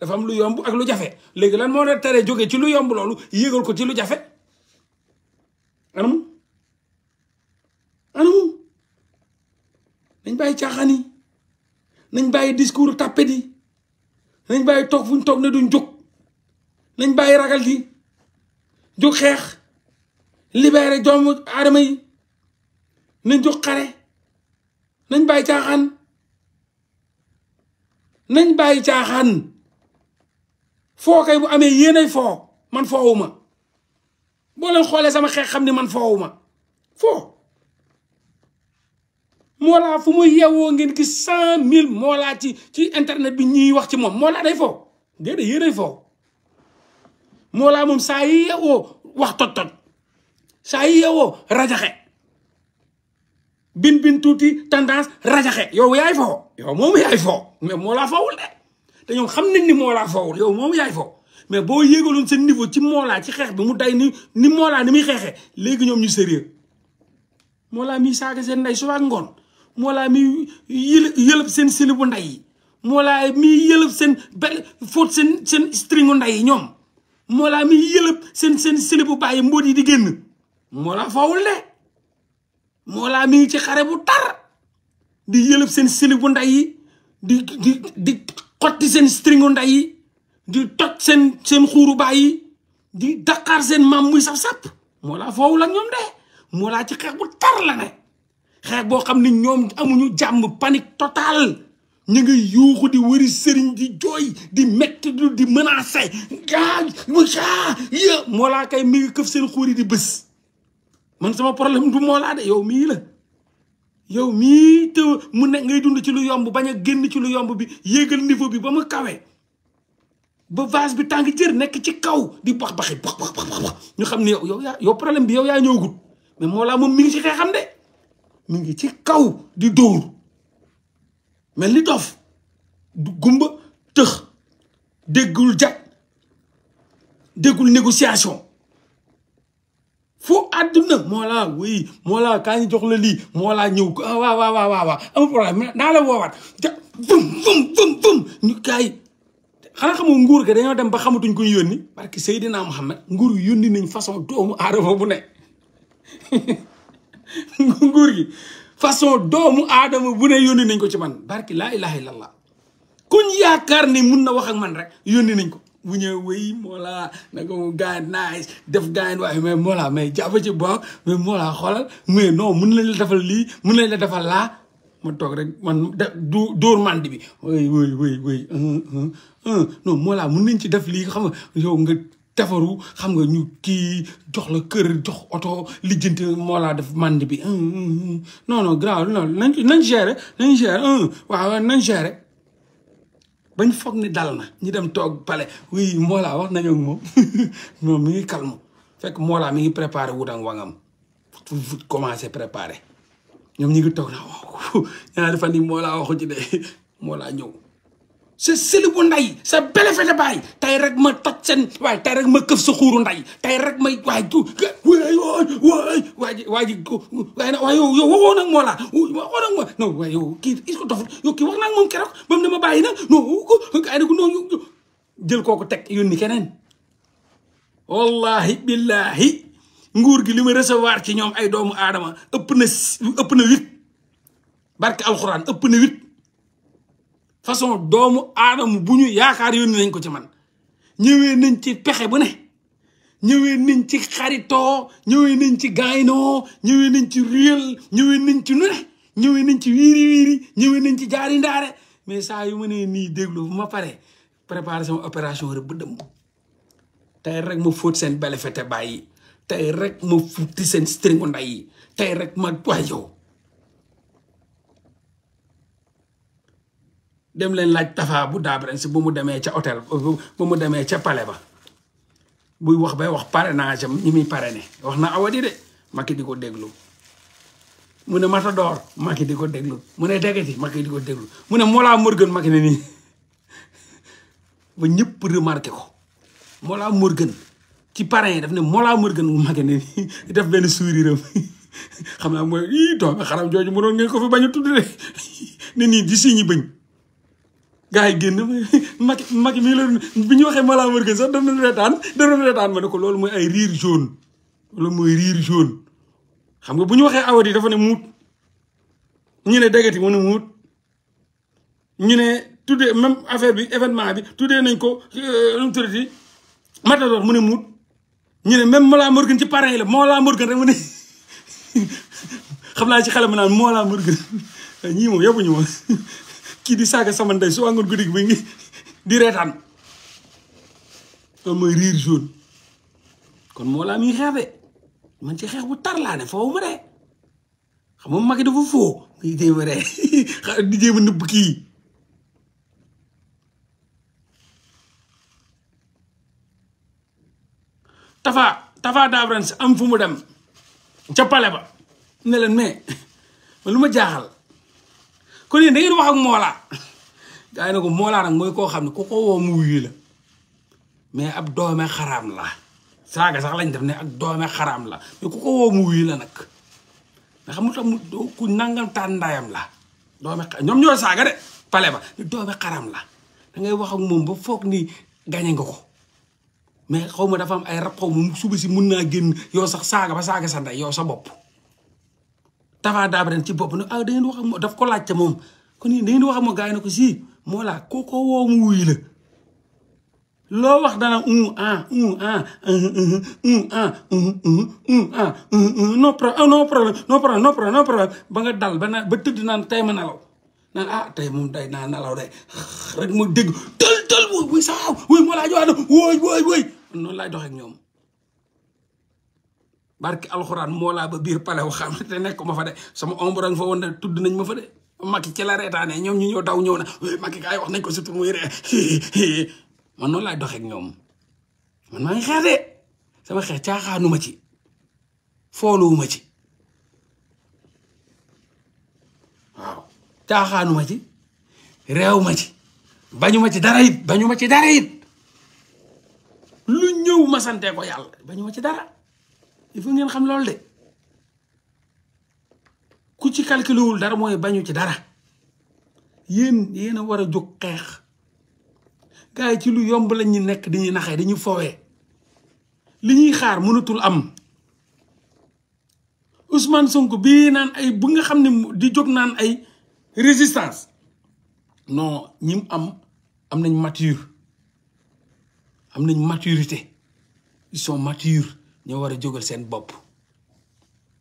dafa am lu yomb ak lu jafe léegi lan moo la tere jóge ci lu yomb loolu yéegal ko ci lu jafe anamu anamu nañ bàyyi caaxaan nañ bàyyi discours tapé di nañ bàyyi toog fu ñu toog duñ jóg لن باي راجل دي دو خيخ اللي باي دوم عرمي نن دو قري نن باي تاخن نن باي تاخن فوق ايبو امي ييني فوق من فوق ما بولن خوالي سما خيخ خمني من فوق ما فوق مولا فمو يهو نجن كي 100 ميل مولا تي تي انترنت بي ني واخ تي موم مولا داي فوق دي دي ييني فوق Mollah moom saa yi yeewoo wax tot tot saa yi yeewoo rajaxe bin bin tuuti tendance rajaxe yow yaay foo yow moom yaay foo mais Mollah foowul de te ñoom xam nañ ni Mollah foowul yow moom yaay foo mais boo yéegaloon seen niveau ci Mollah ci xeex bi mu day ni ni Mollah ni muy xeexee léegi ñoom ñu sérieux Mollah miy saaga seen ndey suba ak ngoon Mollah miy yëlëb seen silibu ndey yi Mollah miy yëlëb seen benn fóot seen seen stringu ndey yi ñoom Mollah mi yëlëb seen seen silibu bàyyi mbóot yi di génn Mollah fawul de Mollah mi ngi ci xare bu tar di yëlëb seen silibu nday yi di di di seen stringu nday yi di toj seen seen xuuru bàyyi di daqaar seen maam muy saf-sàpp Mollah fawul ak ñoom de Mollah ci xeex bu tar la ne xeex boo xam ni ñoom amuñu jàmm panique totale ñu ngi yuuxu di wëri sëriñ di joy di metti di menacé gaa musa yë moolaa kay mi ngi këf seen xuuri di bëss man sama problème du moolaa de yow mi la yow mi te mu ne ngay dund ci lu yomb baña genn ci lu yomb bi yéegal niveau bi ba ma kawé ba vase bi tang jër nek ci kaw di bax baxi bax bax bax bax ñu xam ne yow yow yaa yow problème bi yow ya ñëwagut mais moolaa moom mi ngi ci xeexam de mi ngi ci kaw di door mais li dof du gumba tëx déggul jag déggul négociation foo àdduna moo laa wéy moo laa kaa ñu jox la lii moo laa ñëw ko ah, waaw waaw waaw waaw naa la woowaat ja fum fum fum fum ñu xanaa xamoo nguur ga dañoo dem ba xamatuñ ko yónni parce que Seydina Mohamed nguur gi yónni nañ façon doomu aadama bu ne nguur gi façon doomu aadama bu ne yónni nañ ko ci man barki laa ilaha illallah kuñ yaakaar ni mun na wax ak man rek yónni nañ ko bu ñëwee wéy Mollah na ko gaañ def gaañ waaye mais Mollah mais jàpp ci boog mais Mollah xoolal mais non mun nañ la defal lii mun nañ la defal laa ma toog rek man du dóor mandi bi wéy wéy wéy wéy non mun nañ ci def lii xam nga yow nga defaru xam nga ñu kii jox la kër jox oto lijjanti moo laa def mànd bi non non grave non nañ nañ gérer nañ gérer waaw nañ gérer bañ foog ni dal na ñu dem toog pale oui moo laa wax nañu moom moom mi ngi calme fekk moo laa mi ngi préparé wutang wangam pour commencé préparé ñoom ñu ngi toog na waaw ñaari fan yi moo laa waxu ci de moo sa sëlibu nday sa belefete baay tey rek ma toj seen waaye tey rek ma këf sa xuuru nday tey rek may waay du waay waay waay waay ji waay na waay yow yow waxoo nag moo laa waxoo nag moo non waay yow kii is ko dofut yow kii wax naa moom keroog ba mu ne ma bàyyi na non ay na ko non jël kooku teg yónni keneen wallahi billahi nguur gi li ma recevoir ci ñoom ay doomu aadama ëpp na ëpp na huit barke alxuraan ëpp na huit façon doomu aadama bu ñu yaakaar yoon nañ ko ci man ñëwee nañ ci pexe bu ne ñëwee nañ ci xaritoo ñëwee nañ ci gaynoo ñëwee nañ ci ruyal ñëwee nañ ci nu ne ñëwee nañ ci wiiri wiiri ñëwee nañ ci jaari ndaare mais saa yu ma nee nii déglu ma pare préparé sama opération rëbb dëmm tey rek ma fóot seen bele fete bàyyi tey rek ma futti seen stringu nday yi tey rek ma waayow dem len laaj Tafa bu da prince bu mu demee ci hôtel bu mu demee ci palais ba buy wax bay wax parrainage am ñi muy parrainé wax na awadi de Macky di deglu, déglu mu dor Matador Macky di ko déglu mu ne Degeti Macky di ko déglu mu ne mola Morgun Macky ne ni ba ñëpp remarqué ko mola morgan ci parrain yi daf ne mola morgan Macky ne nii def benn sourire am xam naa mooy ii doomi xaram jooju ngeen ko fi bañu tuddé tudd ni di signi bañu gaa yi génn Macky mag mii la bi ñu waxee Mollah Morgun sax daf doon reetaan daf doon reetaan ma ne ko loolu mooy ay riir jaune loolu mooy riir jaune xam nga bu ñu waxee awat yi dafa ne muut ñu ne degati mu ne muut ñu ne tuddee même affaire bi événement bi tuddee nañ ko lu euh, mu mu ne muut ñu ne même Mollah Morgun ci parrain yi la Mollah Morgun rek mu ne xam naa ci xale ma naan Mollah Morgun ñii moom yóbbuñu moom kii di saaga sama ndey su wàngoon guddi bi ngi di reetaan loolu mooy riir jaune kon moo laa muy xeex man ci xeex bu tar laa ne foofu ma de xam nga magi dafa foo muy jéem a ree di jéem a nëbb kii Tafa Tafa Dabrans am fu mu dem ca ba ne leen mais lu ma jaaxal kon yéen da ngeen wax ak Mollah gars yi ne ko Mollah nag mooy koo xam ne ku ko woo mu wuyu la mais ab doome xaraam la saaga sax lañ def ne ak doome xaraam la mais ku ko woo mu wuyu la nag nga xam nga ku nangam taan ndayam la doome ñoom ñooy saaga de pale ba ni doome xaraam la da ngay wax ak moom ba foog ni gañe nga ko mais xaw ma dafa am ay rab xaw ma suba si mun naa génn yow sax saaga ba saaga sa ndey yow sa bopp. Tapha Dabrène ci bopp nag ah da ngeen wax ak moom daf ko laajte moom kon yéen da ngeen wax ak moom gars yi ne ko si moo laa koo ko woo mu wuy la loo wax dana un ah un ah un ah un ah non ah, problème non problème non problème non problème ba nga dal ba naan ba tëdd naan tey ma nalaw naan ah tey moom day naa nalaw day rek ma dégg tël tël wuy wuy saaw wuy moo laa jowaat wooy wooy wooy noonu laay doxee ak ñoom barki alxuraan moo laa ba biir pale wu xam te nekk ma fa de sama ombre nga fa woon de tudd nañ ma fa de Macky ci la reetaane ñoom ñu ñëw daw ñëw na ma kaay wax nañ ko surtout muy ree man noonu laay doxee ak ñoom man maa ngi xeex de sama xeex caaxaanu ma ci fooluwu ci waaw caaxaanu ma ci réew ma ci bañu ma ci dara it ma ci dara lu ñëw ma sante ko yàlla ci dara. il faut ngeen xam loolu de ku ci calculé wul dara mooy bañu ci dara yéen yéen a war a jóg xeex gars yi ci lu yomb lañ ñu nekk dañuy naxee dañuy fowee li ñuy xaar mënatul am Ousmane Sonko bi naan ay bu nga xam ne di jóg naan ay résistance non ñi am am nañ mature am nañ maturité ils sont matures ñoo war a jógal seen bopp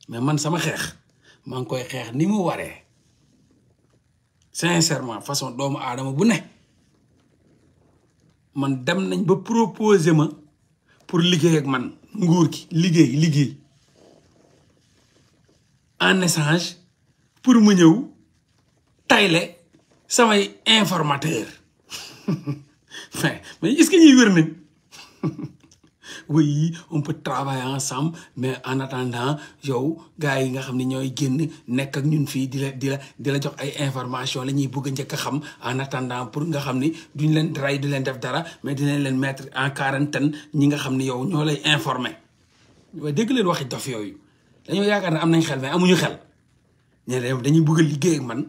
mais man sama xeex maa ngi koy xeex ni mu waree sincèrement façon doomu aadama bu ne man dem nañ ba proposer ma pour liggéey ak man nguur gi liggéey liggéey en échange pour mu ñëw tayle samay informateur mais est-ce ñuy wér nañ oui on peut travailler ensemble mais en attendant yow gars yi nga xam ne ñooy génn nekk ak ñun fii di la di la di la jox ay information la ñuy bëgg a njëkk a xam en attendant pour nga xam ni duñ leen rey di leen def dara mais dinañ leen mettre en quarantaine ñi nga xam ne yow ñoo lay informer waaye dégg leen waxi dof yooyu dañoo yaakaar ne am nañ xel mais amuñu xel ñeneen dañuy bugg a liggéey ak man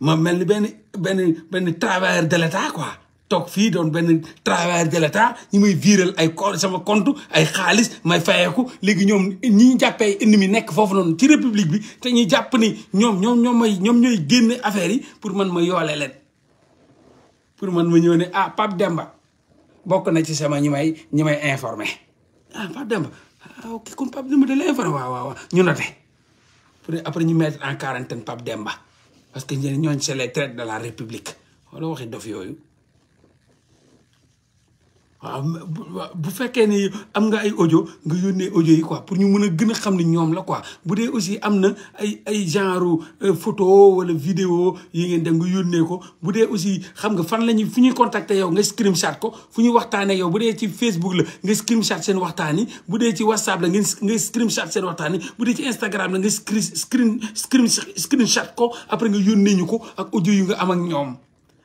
ma mel ni benn benn benn travailleur de quoi toog fii doon benn travailleur de l'état ñi may viiral ay sama compte ay xaalis may fayeeku léegi ñoom ñi jàppee ennemi nekk foofu noonu ci république bi te ñu jàpp ni ñoom ñoom ñoom may ñoom ñooy génne affaire yi pour man ma yoole leen pour man ma ñëw ne ah Pape Demba bokk na ci sama ñi may ñi may informé ah Pape Demba ah ok kon Pape Demba da la informé waaw waaw ñu noté pour après ñu mettre en quarantaine Pape Demba parce que ñooñ c'est les traîtres de la république wala waxi dof yooyu waaw bu fekkee ne am nga ay ojo nga yónnee audio yi quoi pour ñu mun a gën a xam ni ñoom la quoi bu dee aussi am na ay ay genre euh, photo wala vidéo yi ngeen dem nga yónnee ko bu dee aussi xam nga fan la ñuy fu ñuy contacter yow nga screenshot ko fu ñuy waxtaanee yow bu dee ci Facebook la nga screenshot seen waxtaan yi bu dee ci WhatsApp la ngeen nga screenshot seen waxtaan yi bu dee ci Instagram la nga screen screen screenshot ko après nga yónnee ñu ko ak audio yu nga am ak ñoom.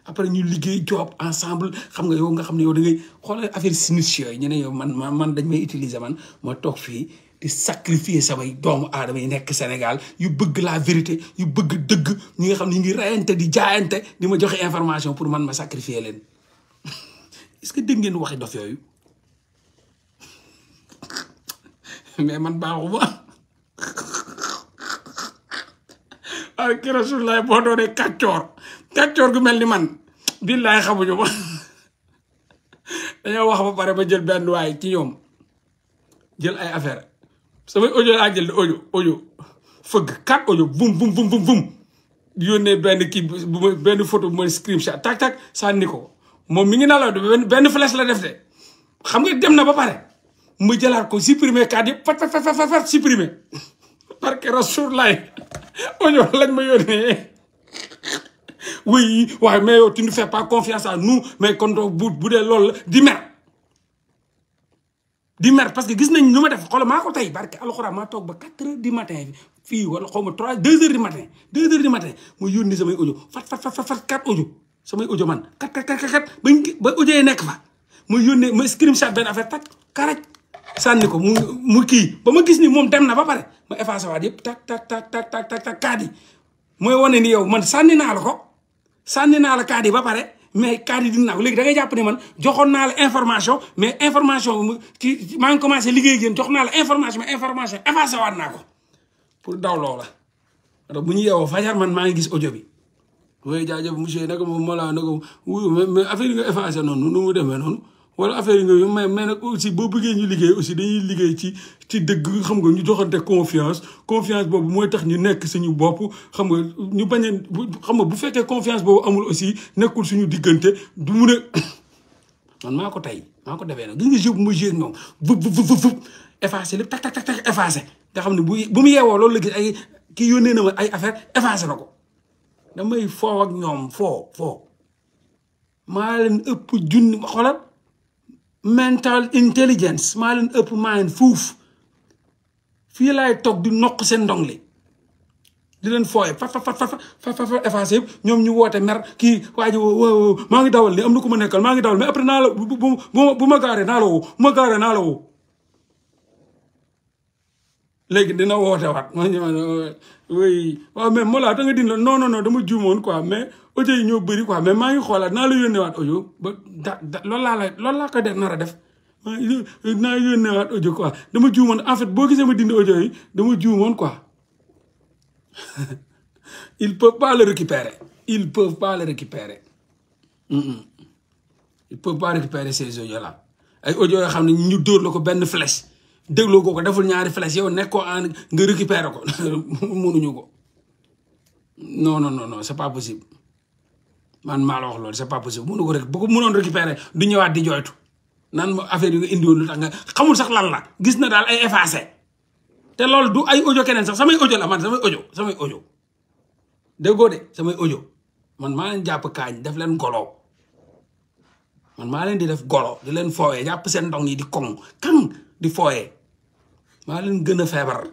après ñu liggéey job ensemble xam nga yow nga xam ne yow da ngay xoolal affaire sinistre yooyu ñu ne man man man dañ may utiliser man ma toog fii di sacrifier samay doomu aadama yi nekk Sénégal yu bëgg la vérité yu bëgg dëgg ñi nga xam ne ñu ngi rayante di jaayante di ma joxe information pour man ma sacrifier leen est que dégg ngeen waxi dof yooyu mais man baaxuma ay ki rasul lay boo doonee kàccoor kàccoor gu mel ni man billaay xamuñu ma dañoo wax ba pare ba jël benn waay ci ñoom jël ay affaire samay audio jël di audio audio fëgg kat audio bum bum bum benn kii benn photo mooy screenshot tak tak sànni ko moom mi ngi na nalaw de benn flash la def de xam nga dem na ba pare mu jëlaat ko supprimer kat yëpp fat fat fat fat supprimer parce que rasour laay lañ ma yónnee oui mais oh, tu ne fais pas confiance à nous mais contre donc bu le parce que gis nañ nous def barke ba quatre h du matin sommes wala trois deux du matin deux h du matin audio fat fat fat fat quatre audio audio man kat kat kat nous sommes ba audio yi fa h yónnee ma screenshot sommes affaire tak karaj faire ko mu mu ba ma gis ni mom dem na ba pare ma effacer yep tak tak tak tak tak tak ni man sànni naa la kaat yi ba pare mais kaat yi dina naaw léegi da jàpp ne man joxoon naa la information mais information bi ki maa ngi commencé liggéey ak jox naa la information information effacé waat naa pour daw loola. bu ñu yeewoo fajar man maa ngi gis audio bi mooy jaajëf monsieur naka moom Mawla naka wuyu mais affaire yi nga effacé noonu nu wala affaire yi mais aussi ñu liggéey aussi confiance confiance des moy tax ñu confiance bobu amul aussi nekkul suñu diggante du man maa ma tak tak tak tak la affaire mental intelligence maa leen ëpp maa leen fuuf fii laay toog di noq seen ndong li di leen fooye fa fa fa fa fa fa effacé yëpp ñoom ñu woote mer kii waa ji maa ngi dawal ni am na ku ma nekkal maa ngi dawal mais après naa la bu bu bu ma gaaree naa la woo bu ma gaaree naa la woo léegi dina woote waat ma ñu waaw mais Mollah da nga din la non non non dama juumoon quoi mais audio yi ñoo bëri quoi mais maa ngi xoolaat naa la yónneewaat audio ba da la loolu laa koy def nar a def maa naa yónneewaat audio quoi dama juumoon en fait boo gisee ma dindi dama juumoon quoi ils peuvent pas le récupérer ils peuvent pas le récupérer ils peuvent ay ojo yoo xam ne ñu dóor la ko benn flèche dégloo ko ko deful ñaari flèche yow nekkoo en nga récupérer ko mënuñu ko non non non non c'est pas possible man ma la wax loolu c'est pas possible mu ko rek bu ko non récupérer du ñëwaat di joytu nan mo affaire yi indi won lutax nga xamul sax lan la gis na dal ay effacé te loolu du ay audio kenen sax samay audio la man samay audio samay audio go de samay audio man ma len japp kañ def len golo man ma len di def golo di len fooyee japp sen ndong yi di kong kan di fooyee ma len gëna a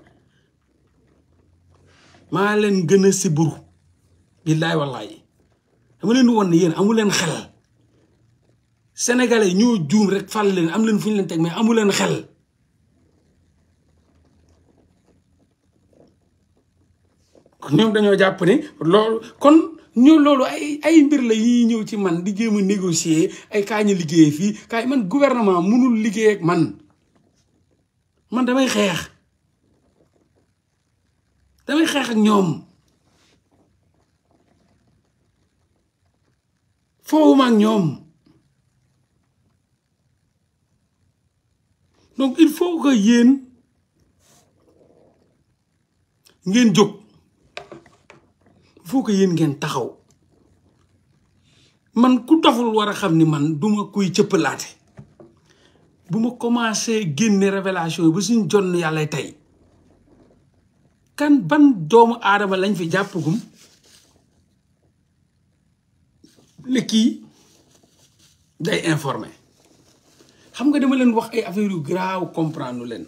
ma len gëna siburu dama leen woon ne yéen amu leen xel sénégalais ñoo juum rek fal leen am leen fu ñu leen teg mais amu leen xel ñoom dañoo jàpp ne loolu kon ñoo loolu ay ay mbir la yi ñëw ci man di jéem a négocier ay kaa ñu liggéey fii kaa man gouvernement mënul liggéey man man damay xeex damay xeex ak ñoom foowuma ak ñoom donc il faut que yéen ngeen jóg il faut que yéen ngeen taxaw man ku taxul war a xam ni man duma kuy cëppalaate bu ma commencé génne révélation yi ba suñ jonn yàlla tey kan ban doomu aadama lañ fi jàppagum le day informé xam nga dama leen wax ay affaire yu graaw comprendre leen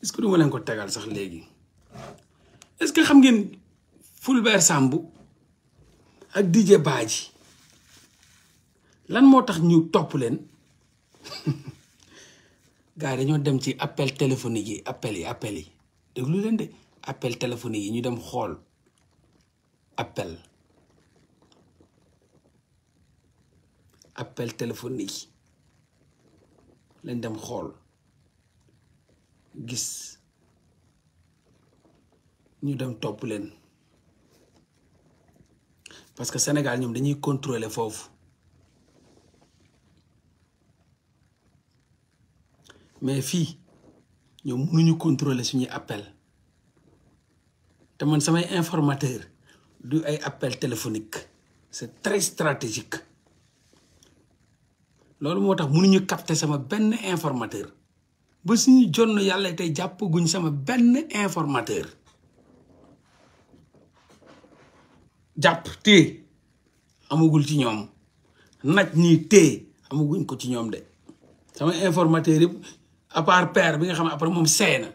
est-ce que duma leen ko tegal sax léegi est-ce que xam ngeen Fulbert Sambou ak Didier Badji lan moo tax ñu topp leen gars yi dañoo dem ci appel téléphonique yi appel yi appel yi lu leen de appel téléphonique yi ñu dem xool appel appel téléphonique L'endem dem gis Nous dem top parce que Sénégal nous dañuy contrôler fauves. mais fii nous mënuñu contrôler les appel te man samay informateur du appel téléphonique c'est très stratégique loolu moo tax mënuñu capter sama benn informateur ba suñu jonn yàlla tey jàppaguñ sama benn informateur jàpp te amagul ci ñoom naj nii te amaguñ ko ci ñoom de sama informateur yi à part bi nga xam ne après moom seey na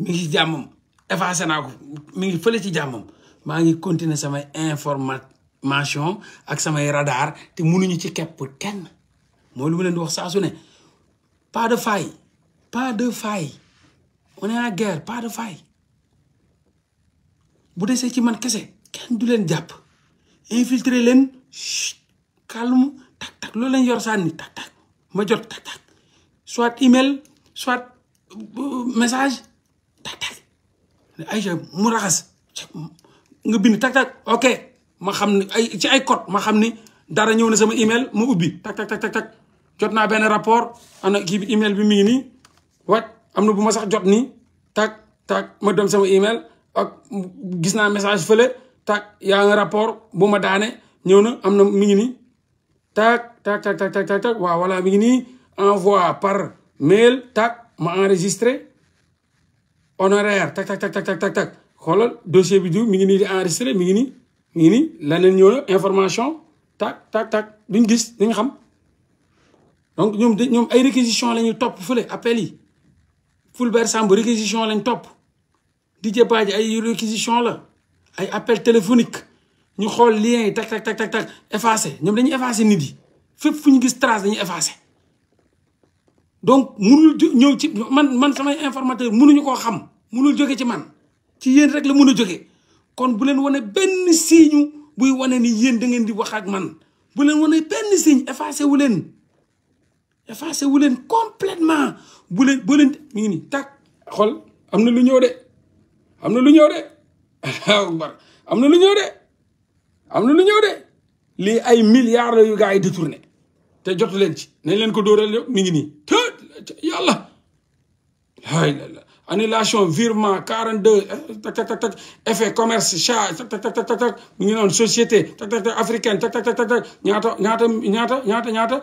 mi ngi ci jàmmam effacé naa ko mu ngi fële ci jàmmam maa ngi continuer samay informat mation ak samay radar te mënuñu ci kepp kenn mooy lu mu leen di wax saa su ne pas de faille pas de faille on est en guerre pas de faille bu desee ci man kese kenn du leen jàpp infiltrer leen calme tak tak loolu leen yor sànni tak tak ma jot tak tak soit email soit euh, message tak tak Aïcha mu raxas nga bind tak tak ok ma xam ne ci ay code ma xam ni dara ñew na sama email mu ubbi tak tak tak tak tak jot na ben rapport ana ki email bi mi ngi wat amna bu ma sax jot ni tak tak ma dem sama email ak gis na message fele tak ya nga rapport bu ma daane ñew na tak mi ngi tak tak tak tak tak tak wa wala mi ngi nii par mail tak ma enregistrer honoraire tak tak tak tak tak tak xolal dossier bi du mi ngi ni di enregistrer mi ngi ni ñu ngi ñëw na information tac tac tac duñ gis duñ xam donc ñom ñom ay réquisition lañu top fulé appel yi Fulbert Sambou réquisition lañ topp Didier Badji ay réquisition la ay appel téléphonique ñu xol lien tac tac tac tac tac effacer ñom ñoom dañuy effacé nit yi fep fu gis trace dañuy effacer donc mënul ñëw ci man man sama informateur mënuñu ko xam mënul jóge ci man ci yeen rek la mën a kon bu leen wane benn signe buy wane ni yéen da ngeen di wax man bu leen wane benn signe effacé wu leen effacé wu leen complètement bu leen ni tàkk xol am na lu ñëw de am na lu ñëw de am na lu ñëw de am na lu ñëw de lii ay milliards la gaa gars yi détourné te jot leen ci nañ leen ko dóoral yow mi ngi nii te yàlla annulation virement quarante tak tak tak tak effet commerce chat tak tak tak tak tak mu ngi société tak tak tak africaine tak tak tak tak ñaata ñaata ñaata la ñaata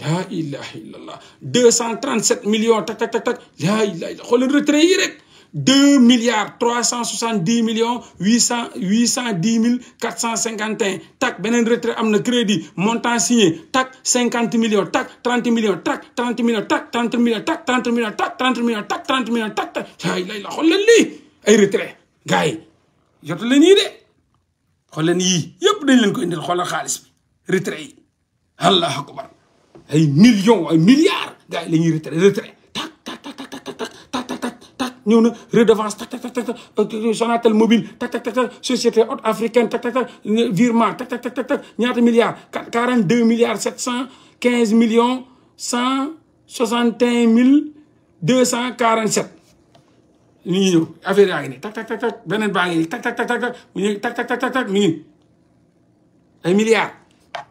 laa ilaha illallah deux cent trente sept millions tak tak tak tak laa ilaha illallah xoolal retrait yi 2 milliards 370 millions 810 451 tac un retrait crédit montant signé tac 50 millions tac 30 millions tac 30 millions tac 30 millions tac 30 millions tac 30 millions tac 30 millions tac tac retrait gars retrait allah millions milliards Tac, retrait ñëw na redevance tac tac tac tak Sonatel mobile tac tac tac tac société haute africaine tac tac tac virement tac tac tac tac ñaata milliards 42 deux milliards sept millions cent 247 et ñëw affaire yaa tac tac tac tac benen tak tac tac tac tac tak tak tac tac tac ngi tak tak ay milliards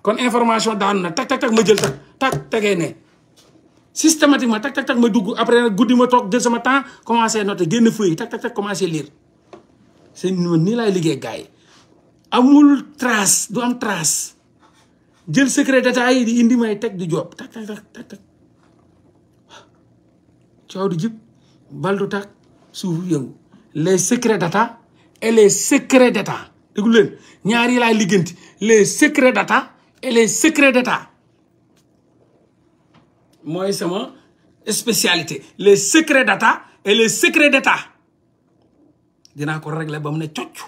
kon information daanu na tac tac tac ma jël tac tak tegee ne systématiquement tak tak tak ma dugg après nag guddi ma toog jël sama temps commencé noter génn feuille tak tak tak commencé lire nii laay liggéey gars yi trace du jël secret d'état yi di indi may teg di job tak tak tak coow du jib bal du tak suuf yëngu les secrets d'état et les secrets d'état déglu leen ñaar yi laay liggéenti les secrets d'état et les secrets d'état mooy sama spécialité les secrets data et les secrets d'état dinaa ko régler ba mu ne cocc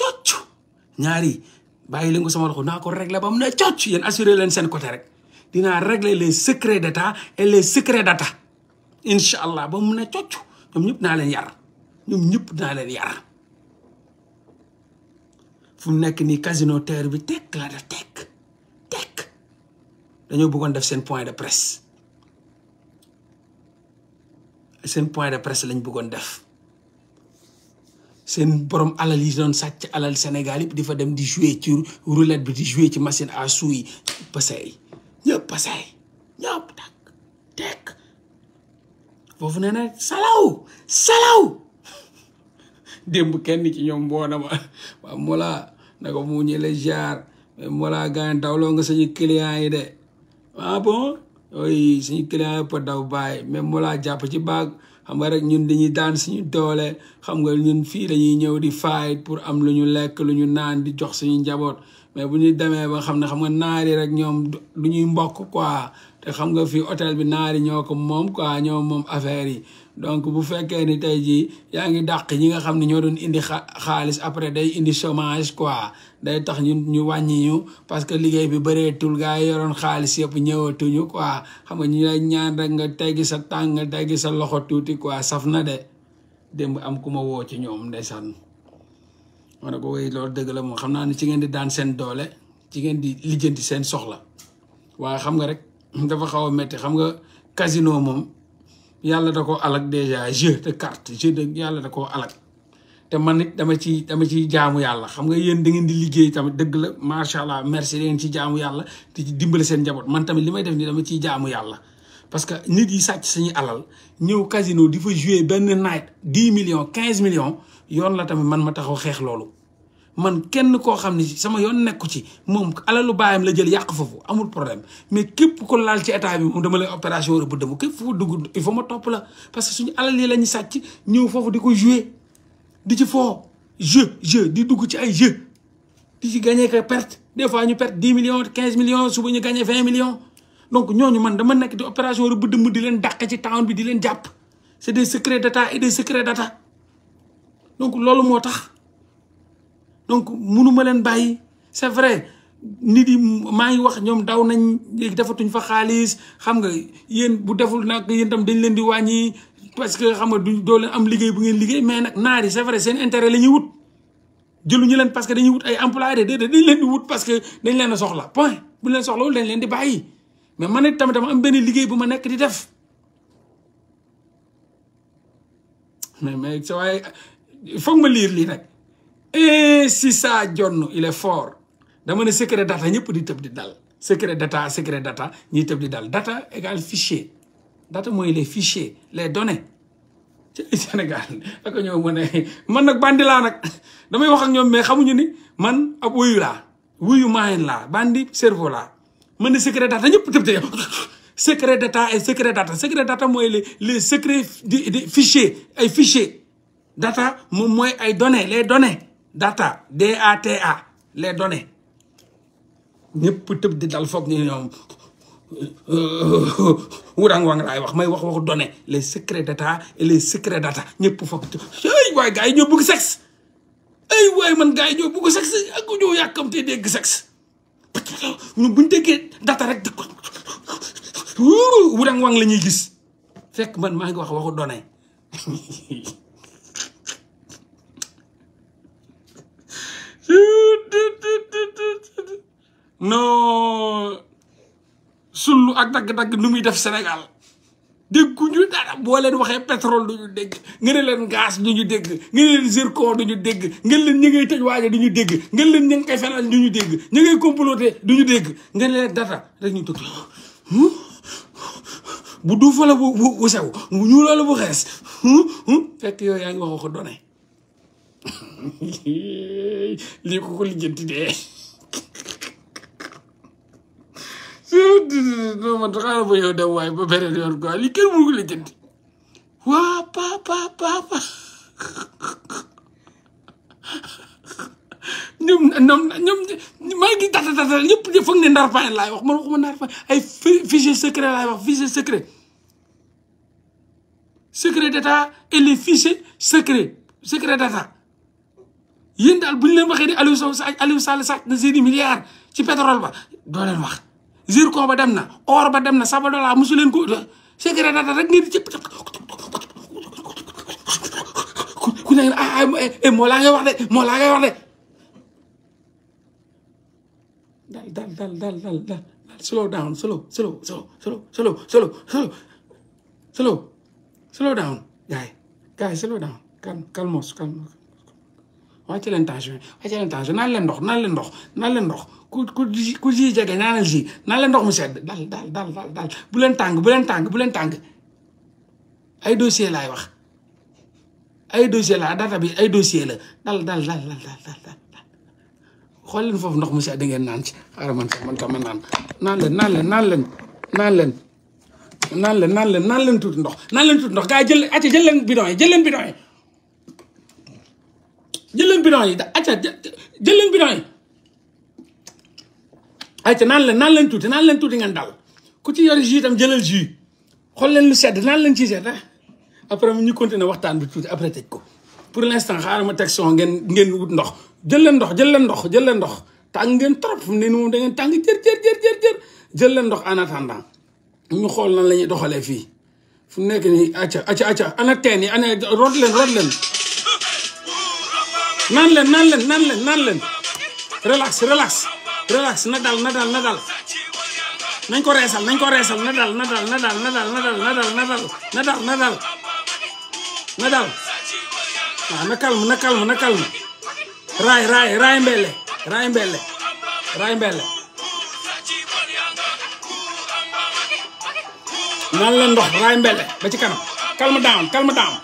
cocc ñaari bàyyi leen ko sama loxo dinaa ko régler ba mu ne cocc yéen assuré leen seen côté rek dinaa régler les secrets d'état et les secrets data incha allah ba mu ne cocc ñoom ñëpp naa leen yar ñoom ñëpp naa leen yar fu nekk nii casino terre bi tekk la def tekk tekk dañoo bëggoon def seen point de presse seen point de presse lañu buggoon def seen borom alal yi doon sàcc alal Sénégal yëpp di fa dem di jouer ci roulette bi di jouer ci machine à sous yi ñëpp pasay ñëpp foofu nee na salaw salaw démb kenn ci ñoom boo na ma waaw Mollah na mu ñu jaar mais Mollah gaañ dawloo nga sañu client yi de ah bon ooy suñu client yëpp daw bàyyi même moo laa jàpp ci baag xam nga rek ñun dañuy daan suñu doole xam nga ñun fii dañuy ñëw di faay pour am lu ñu lekk lu ñu naan di jox suñu njaboot mais bu ñuy demee ba xam ne xam nga naari rek ñoom du ñuy mbokk quoi te xam nga fii hôtel bi naari ñoo ko moom quoi ñoo moom affaire yi donc bu fekkee ni tey jii yaa ngi dàq ñi nga xam ne ñoo doon indi xaalis après day indi somage quoi day tax ñu ñu wàññi ñu parce que liggéey bi bareetul gars yi yoroon xaalis yëpp ñëwatuñu quoi xam nga ñu lay ñaan rek nga teggi sa tànk nga teggi sa loxo tuuti quoi saf na de démb am ku ma woo ci ñoom ndeysaan ma ne ko wéy loolu dëgg la moom xam naa ne ci ngeen di daan seen doole ci ngeen di lijjanti seen soxla waaye xam nga rek dafa xaw a métti xam nga casino moom yàlla da koo alak déjà jeu de carte jeu de yàlla da koo alak te man it dama ci dama ciy jaamu yàlla xam nga yéen da ngeen di liggéey tamit dëgg la macha allah merci da ngeen ci jaamu yàlla di ci dimbale seen njaboot man tamit li may def nii dama ciy jaamu yàlla. parce que nit yi sàcc sañuy alal ñëw casino di fa jouer benn night dix million quinze million yoon la tamit man ma taxaw xeex loolu. man kenn koo xam ne sama yoon nekku ci moom alalu baayam la jël yàq foofu amul problème mais képp ko laal ci état bi moom dama lay opération rëbb dama képp foofu dugg il faut topp parce que suñu alal la ñu sàcc ñëw foofu di di ci foo jeu jeu di dugg ci ay jeu di ci gagné ka perte des fois ñu perte dix millions quinze million suba ñu gagné vingt millions donc ñooñu man dama nekk di opération rëbb dëmm di leen dàq ci town bi di leen jàpp c' est des secrets d' état et d' état donc loolu moo tax donc munu ma leen bàyyi c' est vrai nit yi maa ngi wax ñoom daw nañ léegi defatuñ fa xaalis xam nga yéen bu deful nag yéen tam dañ leen di wàññi parce que xam nga du doo am liggéey bu ngeen liggéey mais nag naa yi c'est vrai seen intérêt la ñuy wut jëluñu leen parce que dañuy wut ay employés déedéet dañ leen parce que dañ leen a soxla point bu leen soxlawul dañ leen di bàyyi mais man it tamit dama am benn liggéey bu ma nekk di def mais mais sa waaye foog ma liir lii nag et si saa jonn il est fort dama ne secret data ñëpp di tëb di dal secret data secret data ñiy tëb di dal data égal fichier data mooy les fichiers les données ci Sénégal ak ñoo mën man nag bandi laa nag damay wax ak ñoom mais xamuñu ni man ab wuyu laa wuyu maayen laa bandi cerveau laa man ni data ñëpp tëb tëb secret data et secret data secret mooy les les secret di ay fichier data moom mooy ay données les données data data les données ñëpp tëb di dal foog ñoom Euh, euh, euh, wurang-wang laay wax may wax waxu donné les secrets d'état et les secrets data ñëpp foog ay waay gars yi ñoo bëgg sexe ay waay man gars yi ñoo bëgg sexe ak ñoo yàkkamtee dégg la ñuy gis fekk man maa ngi wax waxu sullu ak dagg-dagg nu muy def Sénégal dégguñu dara boo leen waxee pétrole duñu dégg nga ne leen gaz ñu dégg nga ne leen zircon dégg nga leen ñi ngay tëj waaja duñu dégg nga ngi koy fenal duñu dégg ñu ngay comploté duñu dégg nga ne leen data rek ñu déglu bu duufa la bu bu sew bu ñuuloo la bu xees fekk yooyu yaa ngi wax ko done lii ko ko lijjanti dee non man xaaral ma yow ba beneen yoon quoi li kenn mënu ko la jënd waa papa papa ñoom ñoom ñoom maa ngi tata tata ñëpp ñu foog laay wax man waxuma ndar fane ay secret laay wax fichier secret secret d'état et daal bu ñu leen waxee ni Aliou Sow Aliou Sall sàcc ci pétrole ba doo leen wax zircon ba dem na or ba dem na Sabodala mosu leen ko secret data rek ngeen di cëpp ku ne ah ah eh, eh, moo laa ngay wax de moo laa ngay wax de. dal dal dal dal dal dal slow down slow slow slow slow slow slow slow slow down gars yi gars yi slow down calme calmos calmos wàcce leen tension wàcce leen tension naan leen ndox naan leen ndox naan leen ndox. ku ku ku ji jege naa leen ji naa leen ndox mu sedd dal dal dal dal dal bu leen tàng bu leen tàng bu leen tàng ay dossier laay wax ay dossier la data bi ay dossier la dal dal dal dal dal xool leen foofu ndox mu sedd ngeen naan ci xaaral man sax man tam ma naan naan leen naan leen naan leen naan leen naan leen naan leen naan leen tuuti ndox naan leen tuuti ndox gars yi jël acca jël leen bidon yi jël leen bidon yi jël leen bidon yi acca jël leen bidon yi ayca naan leen nan leen tuut nan leen tuuti ngeen dal ku ci yore jus itam jëlal jus xool leen lu sedd naan leen ci sedd ah. après ñu continuer waxtaan bi tuuti après tëj ko pour l' instant xaaral ma teg son ngeen ngeen wut ndox jël leen ndox jël leen ndox jël leen ndox tàng ngeen trop fu mu ne nii moom da ngeen tàng jër jër jël leen ndox en attendant ñu xool nan la ñuy doxalee fii fu mu nekk nii acca acca acca ana teen yi ana root leen root leen naan leen naan leen naan leen naan leen relax relax relax na dal na dal na dal nañ ko reesal nañ ko reesal na dal na dal na dal na dal na dal na dal na dal na dal na dal na dal waaw na calme na calme na calme raay raay raay mbelle raay mbelle raay mbelle naan leen ndox raay mbelle ba ci kanam calme down calme down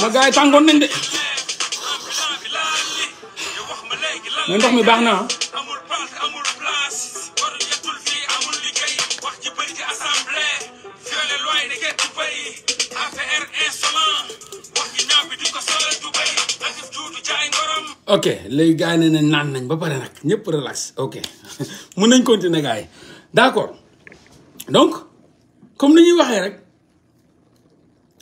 sama gars tàngoon nañ mi baax na ah. ok léegi gars yi nañ naan nañ ba pare nag ñëpp relax ok mun nañ continuer gars yi d' accord donc comme ni ñuy waxee rek.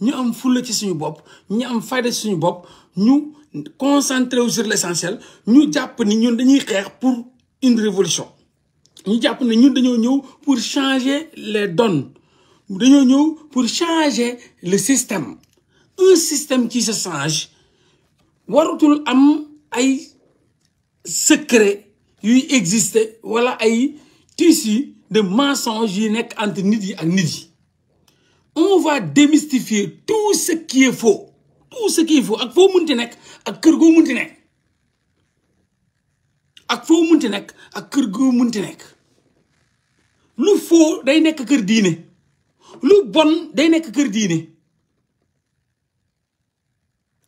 Nous am fulla ci suñu bop ñu am fayda ci suñu bop ñu concentré sur l'essentiel. Nous, ñu japp ni ñun dañuy pour une révolution ñu japp ni ñun dañu ñëw pour changer les donnes sommes ñëw pour changer le système un système qui se change warutul am ay secret yu y wala ay tissu de mensonges yi nek entre nit yi ak on va démystifier tout ce qui tout ce ak foo munti nekk ak kër goo munti nekk ak foo munti nekk ak kër goo munti nekk lu faux day nekk kër diine lu bon day nekk kër diine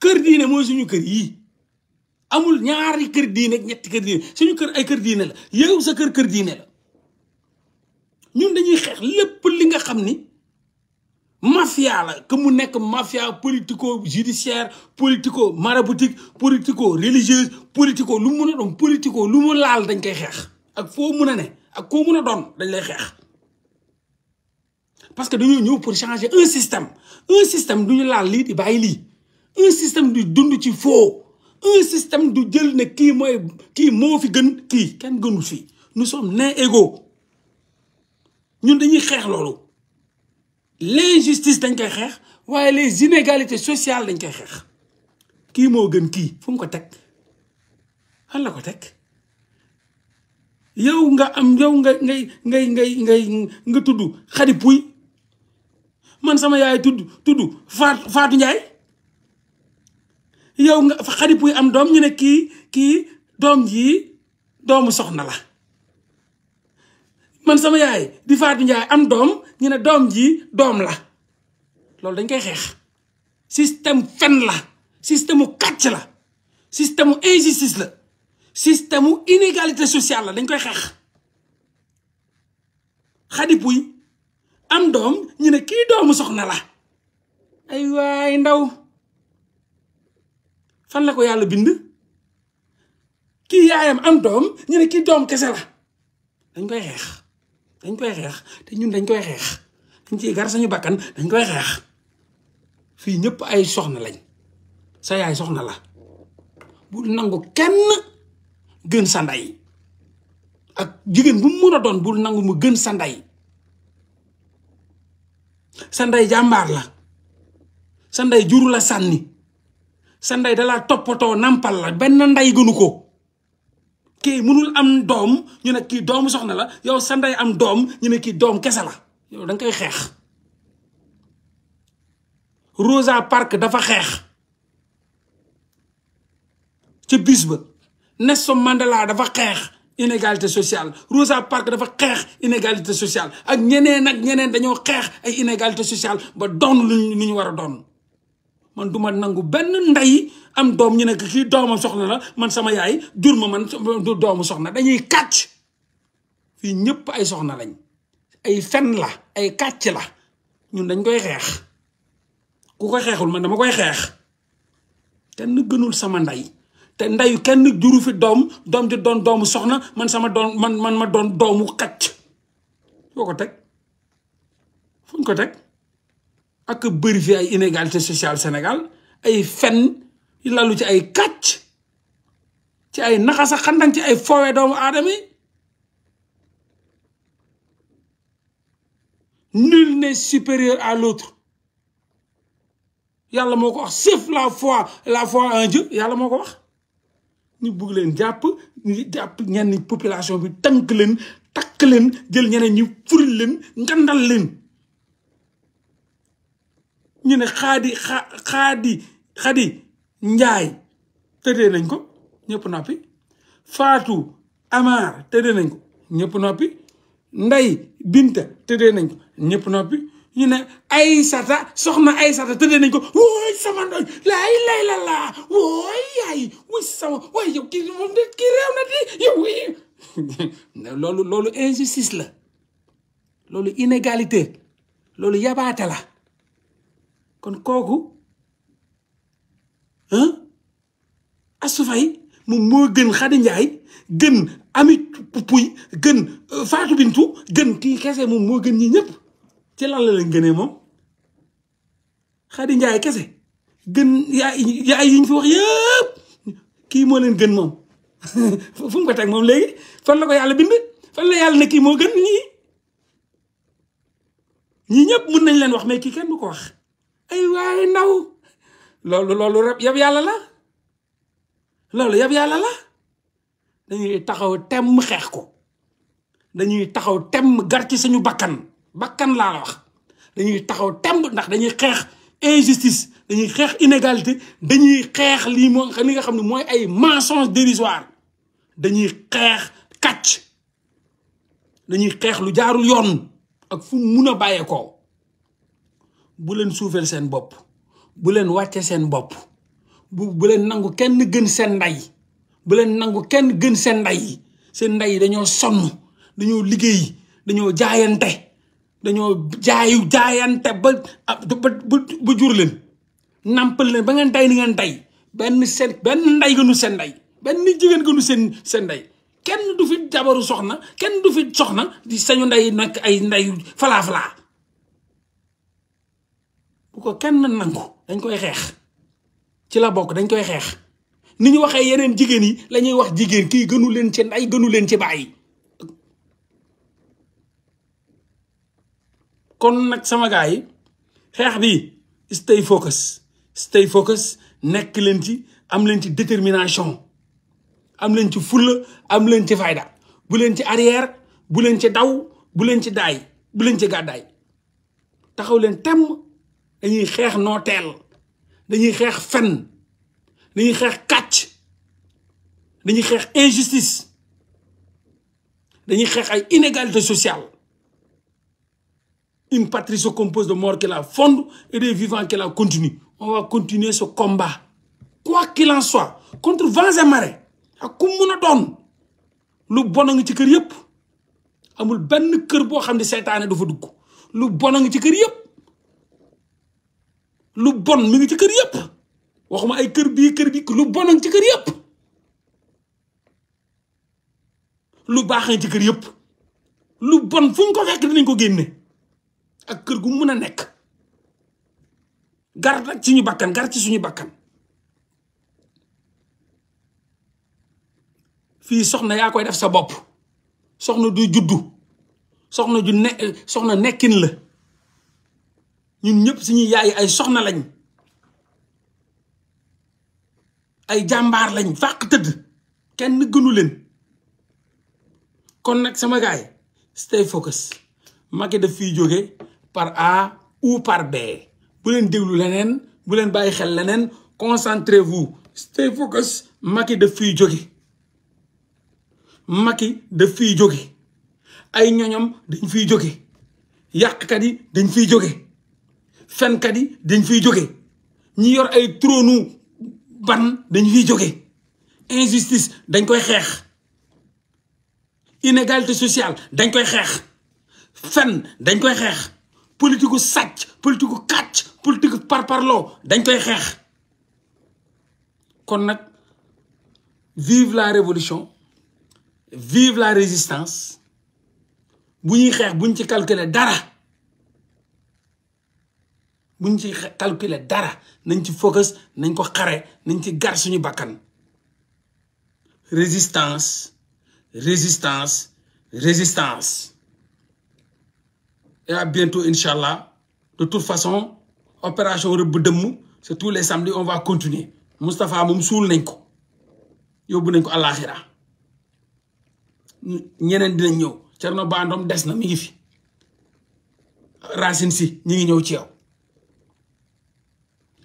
kër diine mooy suñu kër yii amul ñaari kër diine ñetti kër diine suñu kër ay kër diine la yow sa kër kër diine la ñun dañuy xeex lépp li nga xam ni mafia la que mu que mafia politico judiciaire politico maraboutique politico religieuse politico lu politico lu mu laal ak ne ak parce que nous, nous, pour changer un système un système là, nous laal là, di un système du dund ci un système du jël ne là, nous sommes mo fi gën nous sommes nés égaux ñun dañuy l'injustice dañ koy xeex waaye les inégalités sociale dañ koy xeex kii moo gën kii fum ko teg fan la ko teg yow nga am yow nga ngay ngay ngay ngay nga tudd xadi puy man sama yaay tudd tuddu faat faatu njaay yow nga xadi puy am doom ñu ne kii kii doom ji doomu soxna la man sama yaay di Fatou Ndiaye am doom ñu ne doom ji doom la loolu dañ koy xeex système fen la système u kàcc la système u injustice la système u inégalité sociale la dañ koy xeex xadi puy am doom ñu ne kii doomu soxna la ay ndaw fan la ko yàlla bind kii yaayam am ñu ne kii doom kese la dañ koy xeex dañ koy xeex te ñun dañ koy xeex dañ ciy gar sañu bakkan dañ koy xeex fii ñëpp ay soxna lañ sa yaay soxna la bul nangu kenn gën sa ndey ak jigéen bu mën a doon bul nangu mu gën sa ndey jàmbaar la sa ndey juru la sànni sa ndey dalaa toppatoo nampal la benn ndey gënu ko kii mënul am doom ñu ne kii doomu soxna la yow sanday am doom ñu ne kii doom kese la yow da koy xeex Rosa Parks dafa xeex ci bis ba Nelson Mandela dafa xeex inégalité sociale Rosa Parks dafa xeex inégalité sociale ak ñeneen ak ñeneen dañoo xeex ay inégalité sociale ba doon lu ñu war a doon man duma nangu benn ndey am doom ñu ne kii doomu soxna la man sama yaay jur ma man du doomu soxna dañuy kàcc fii ñëpp ay soxna lañ ay fen la ay kàcc la ñun dañ koy xeex ku ko xeexul man dama koy xeex kenn gënul sama ndey te ndeyu kenn juru fi doom doom doon doomu soxna man sama doon man man ma doon doomu kàcc foo ko teg fuñ ko teg ak bëri fi ay inégalité sociale Sénégal ay fen lalu ci ay kàcc ci ay naxasa xandan ci ay fowe doomu aadama yi nul supérieur à l'autre yàlla moo ko wax sauf la foi la foi en yàlla moo ko wax ñu bugg leen jàpp ñu jàpp ñenn population bi tënk leen takk leen jël ñeneen ñi furi leen ngandal leen ñu ne xaadi xa xaadi xadi njaay tëddee nañ ko ñëpp noppi Fatou Amar tëddee nañ ko ñëpp noppi Ndey Binta tëddee nañ ko ñëpp noppi ñu ne Aysata soxna Aysata tëddee nañ ko wooy sama ndoy laay lay la wooy yaay wuy sama waay yow kii moom na di loolu loolu injustice la loolu inégalité loolu yabaate la kon kooku ah Astou Faye moom moo gën Khady Ndiaye gën Ami Pouy gën Fatou Bintou gën kii kese moom moo gën ñi ñëpp ci lan la leen gënee moom Khady Ndiaye kese gën yaa yaay yi ñu fi wax yëpp kii moo leen gën moom fu mu ko teg moom léegi fan la ko yàlla bind fan la yàlla ne kii moo gën ñii ñii ñëpp mun nañ leen wax mais kii kenn du ko wax ay waaye ndaw loolu loolu rek yab yàlla la loolu yab yàlla la dañuy taxaw temm xeex ko dañuy taxaw temm gar ci suñu bakkan bakkan laa la wax dañuy taxaw tem ndax dañuy xeex injustice dañuy xeex inégalité dañuy xeex lii moo li nga xam ne mooy ay mensonge dérisoire dañuy xeex kàcc dañuy xeex lu jaarul yoon ak fu mu mun a bàyyeekoo bu leen suufel seen bopp bu leen wàcce seen bopp bu bu leen nangu kenn gën seen ndey bu leen nangu kenn gën seen ndey yi seen ndey yi dañoo sonn dañoo liggéey dañoo jaayante dañoo jaayu jaayante ba ba jur leen nàmpal leen ba ngeen day ni ngeen day benn seen benn ndey gënu seen ndey benn jigéen gënu seen seen ndey kenn du fi jabaru soxna kenn du fi soxna di sañu ndey nag ay ndey falaa falaa bu ko kenn nangu dañ koy xeex ci la bokk dañ koy xeex ni ñu waxee yeneen jigéen yi lañuy wax jigéen kii gënu leen ci nday gënu leen ci bàyyi. kon nag sama gars yi xeex bi stay focus stay focus nekk leen ci am leen ci détermination am leen ci fulla am leen ci fayda bu leen ci arrière bu leen ci daw bu leen ci daay bu leen ci gàddaay taxaw leen temm dañuy xeex nooteel dañuy xeex fen injustice ay inégalité sociale une patrie se compose de morts qui la fondent et de vivants qui la continuent on va continuer ce combat quoi qu'il en soit contre vents et marées bon a ci kër homme amul bon lu bon mu ngi ci kër yëpp waxuma ay kër bii kër bi lu bon ci kër yëpp lu baax ci kër yëpp lu bon fu ñu ko fekk dinañ ko génne ak kër gu mun a nekk gar suñu bakkan gar ci suñu bakkan fii soxna yaa koy def sa bopp soxna du juddu soxna ju soxna nekkin la ñun ñëpp suñuy yaay ay soxna lañ ay jàmbaar lañ fàq tëdd kenn gënu leen kon nag sama gaay stay focus Macky def fi jóge par A ou par B bu leen déglu leneen bu leen bàyyi xel leneen concentrez-vous stay focus Macky daf fi jóge Macky def fi jóge ay ñoñom dañ fi jóge yàqkat yi dañ fiy jóge fen kadi dañ fiy jóge ñi yor ay ban dañ fiy injustice dañ koy inégalité sociale dañ koy xeex fen dañ koy xeex politiku sàcc politiku kàcc politiku parlo dañ koy kon nak vive la révolution vive la résistance bu ñuy buñ ci calculer dara buñ ci calculer dara nañ ci focus nañ ko xare nañ ci gar suñu bàkkan résistance résistance résistance et à bientôt incha allah de toute façon opération rëbb dëmm c'est tous les samedis on va continuer Moustapha moom suul nañ ko yóbbu nañ ko àllaaxira ñeneen dinañ ñëw Thierno Bandoom des na mi ngi fi Racine si ñi ngi ñëw ci yow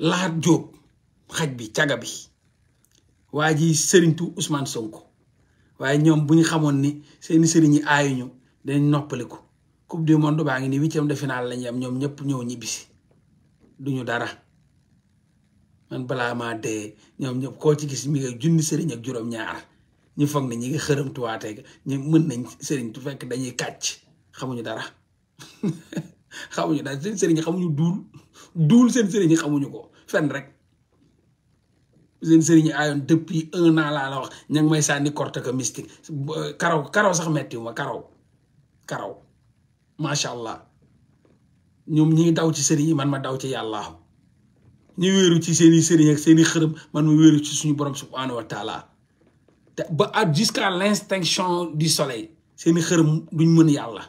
laat jóob xaj bi caga bi waa ji sëriñtu Ousmane Sonko waaye ñoom bu ñu xamoon ni seeni sëriñ yi aayuñu dinañ noppaliku coupe du monde baa ngi ni huitième de naa lañu am ñoom ñëpp ñëw ñibbisi duñu dara man balaa maa dee ñoom ñëpp koo ci gis mi ngi junni sëriñ ak juróom-ñaar ñu foog ne ñi ngi xërëmtuwaatee ñu mën nañ sëriñtu fekk dañuy kàcc xamuñu dara xamuñu dara seen sëriñ xamuñu duul Dul sen sëriñ ni xamuñu ko fen rek sen sëriñ ayon depuis un an la la wax ñang may sànni korte que mystique karaw karaw sax metti ma karaw karaw sha allah ñom ñi daw ci serigne man ma daw ci yalla ñi wëru ci seeni serigne ak seeni xërem man ma wëru ci suñu borom subhanahu wa taala ba at jusqu'à l'instinction du soleil seeni xërem duñ mëna yalla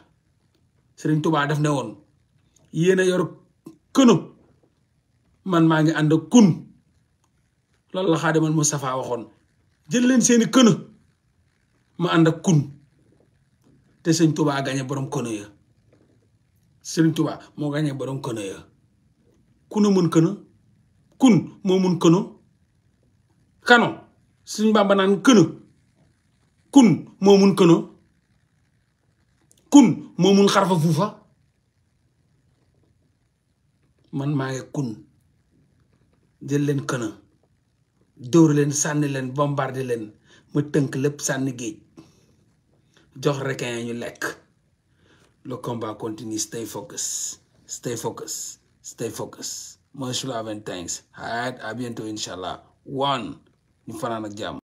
serigne touba daf ne woon yor kënu man ma nga and kun lol la xaadimal mustafa waxon jeul len seeni keuna ma and kun te seigne Touba gañe borom keuna ya seigne Touba mo gañe borom keuna ya kunu mun keuna kun mo mun keuna kano seigne bamba nan keuna kun mo mun keuna kun mo mun xarfa fufa man ma kun jël leen këna dóor leen sànni leen bombarde leen ma tënk lépp sànni géej jox requin ñu lekk le combat continue stay focus stay focus stay focus moi je suis là avec thanks alright à bientôt incha allah one ñu fanaan ak jàmm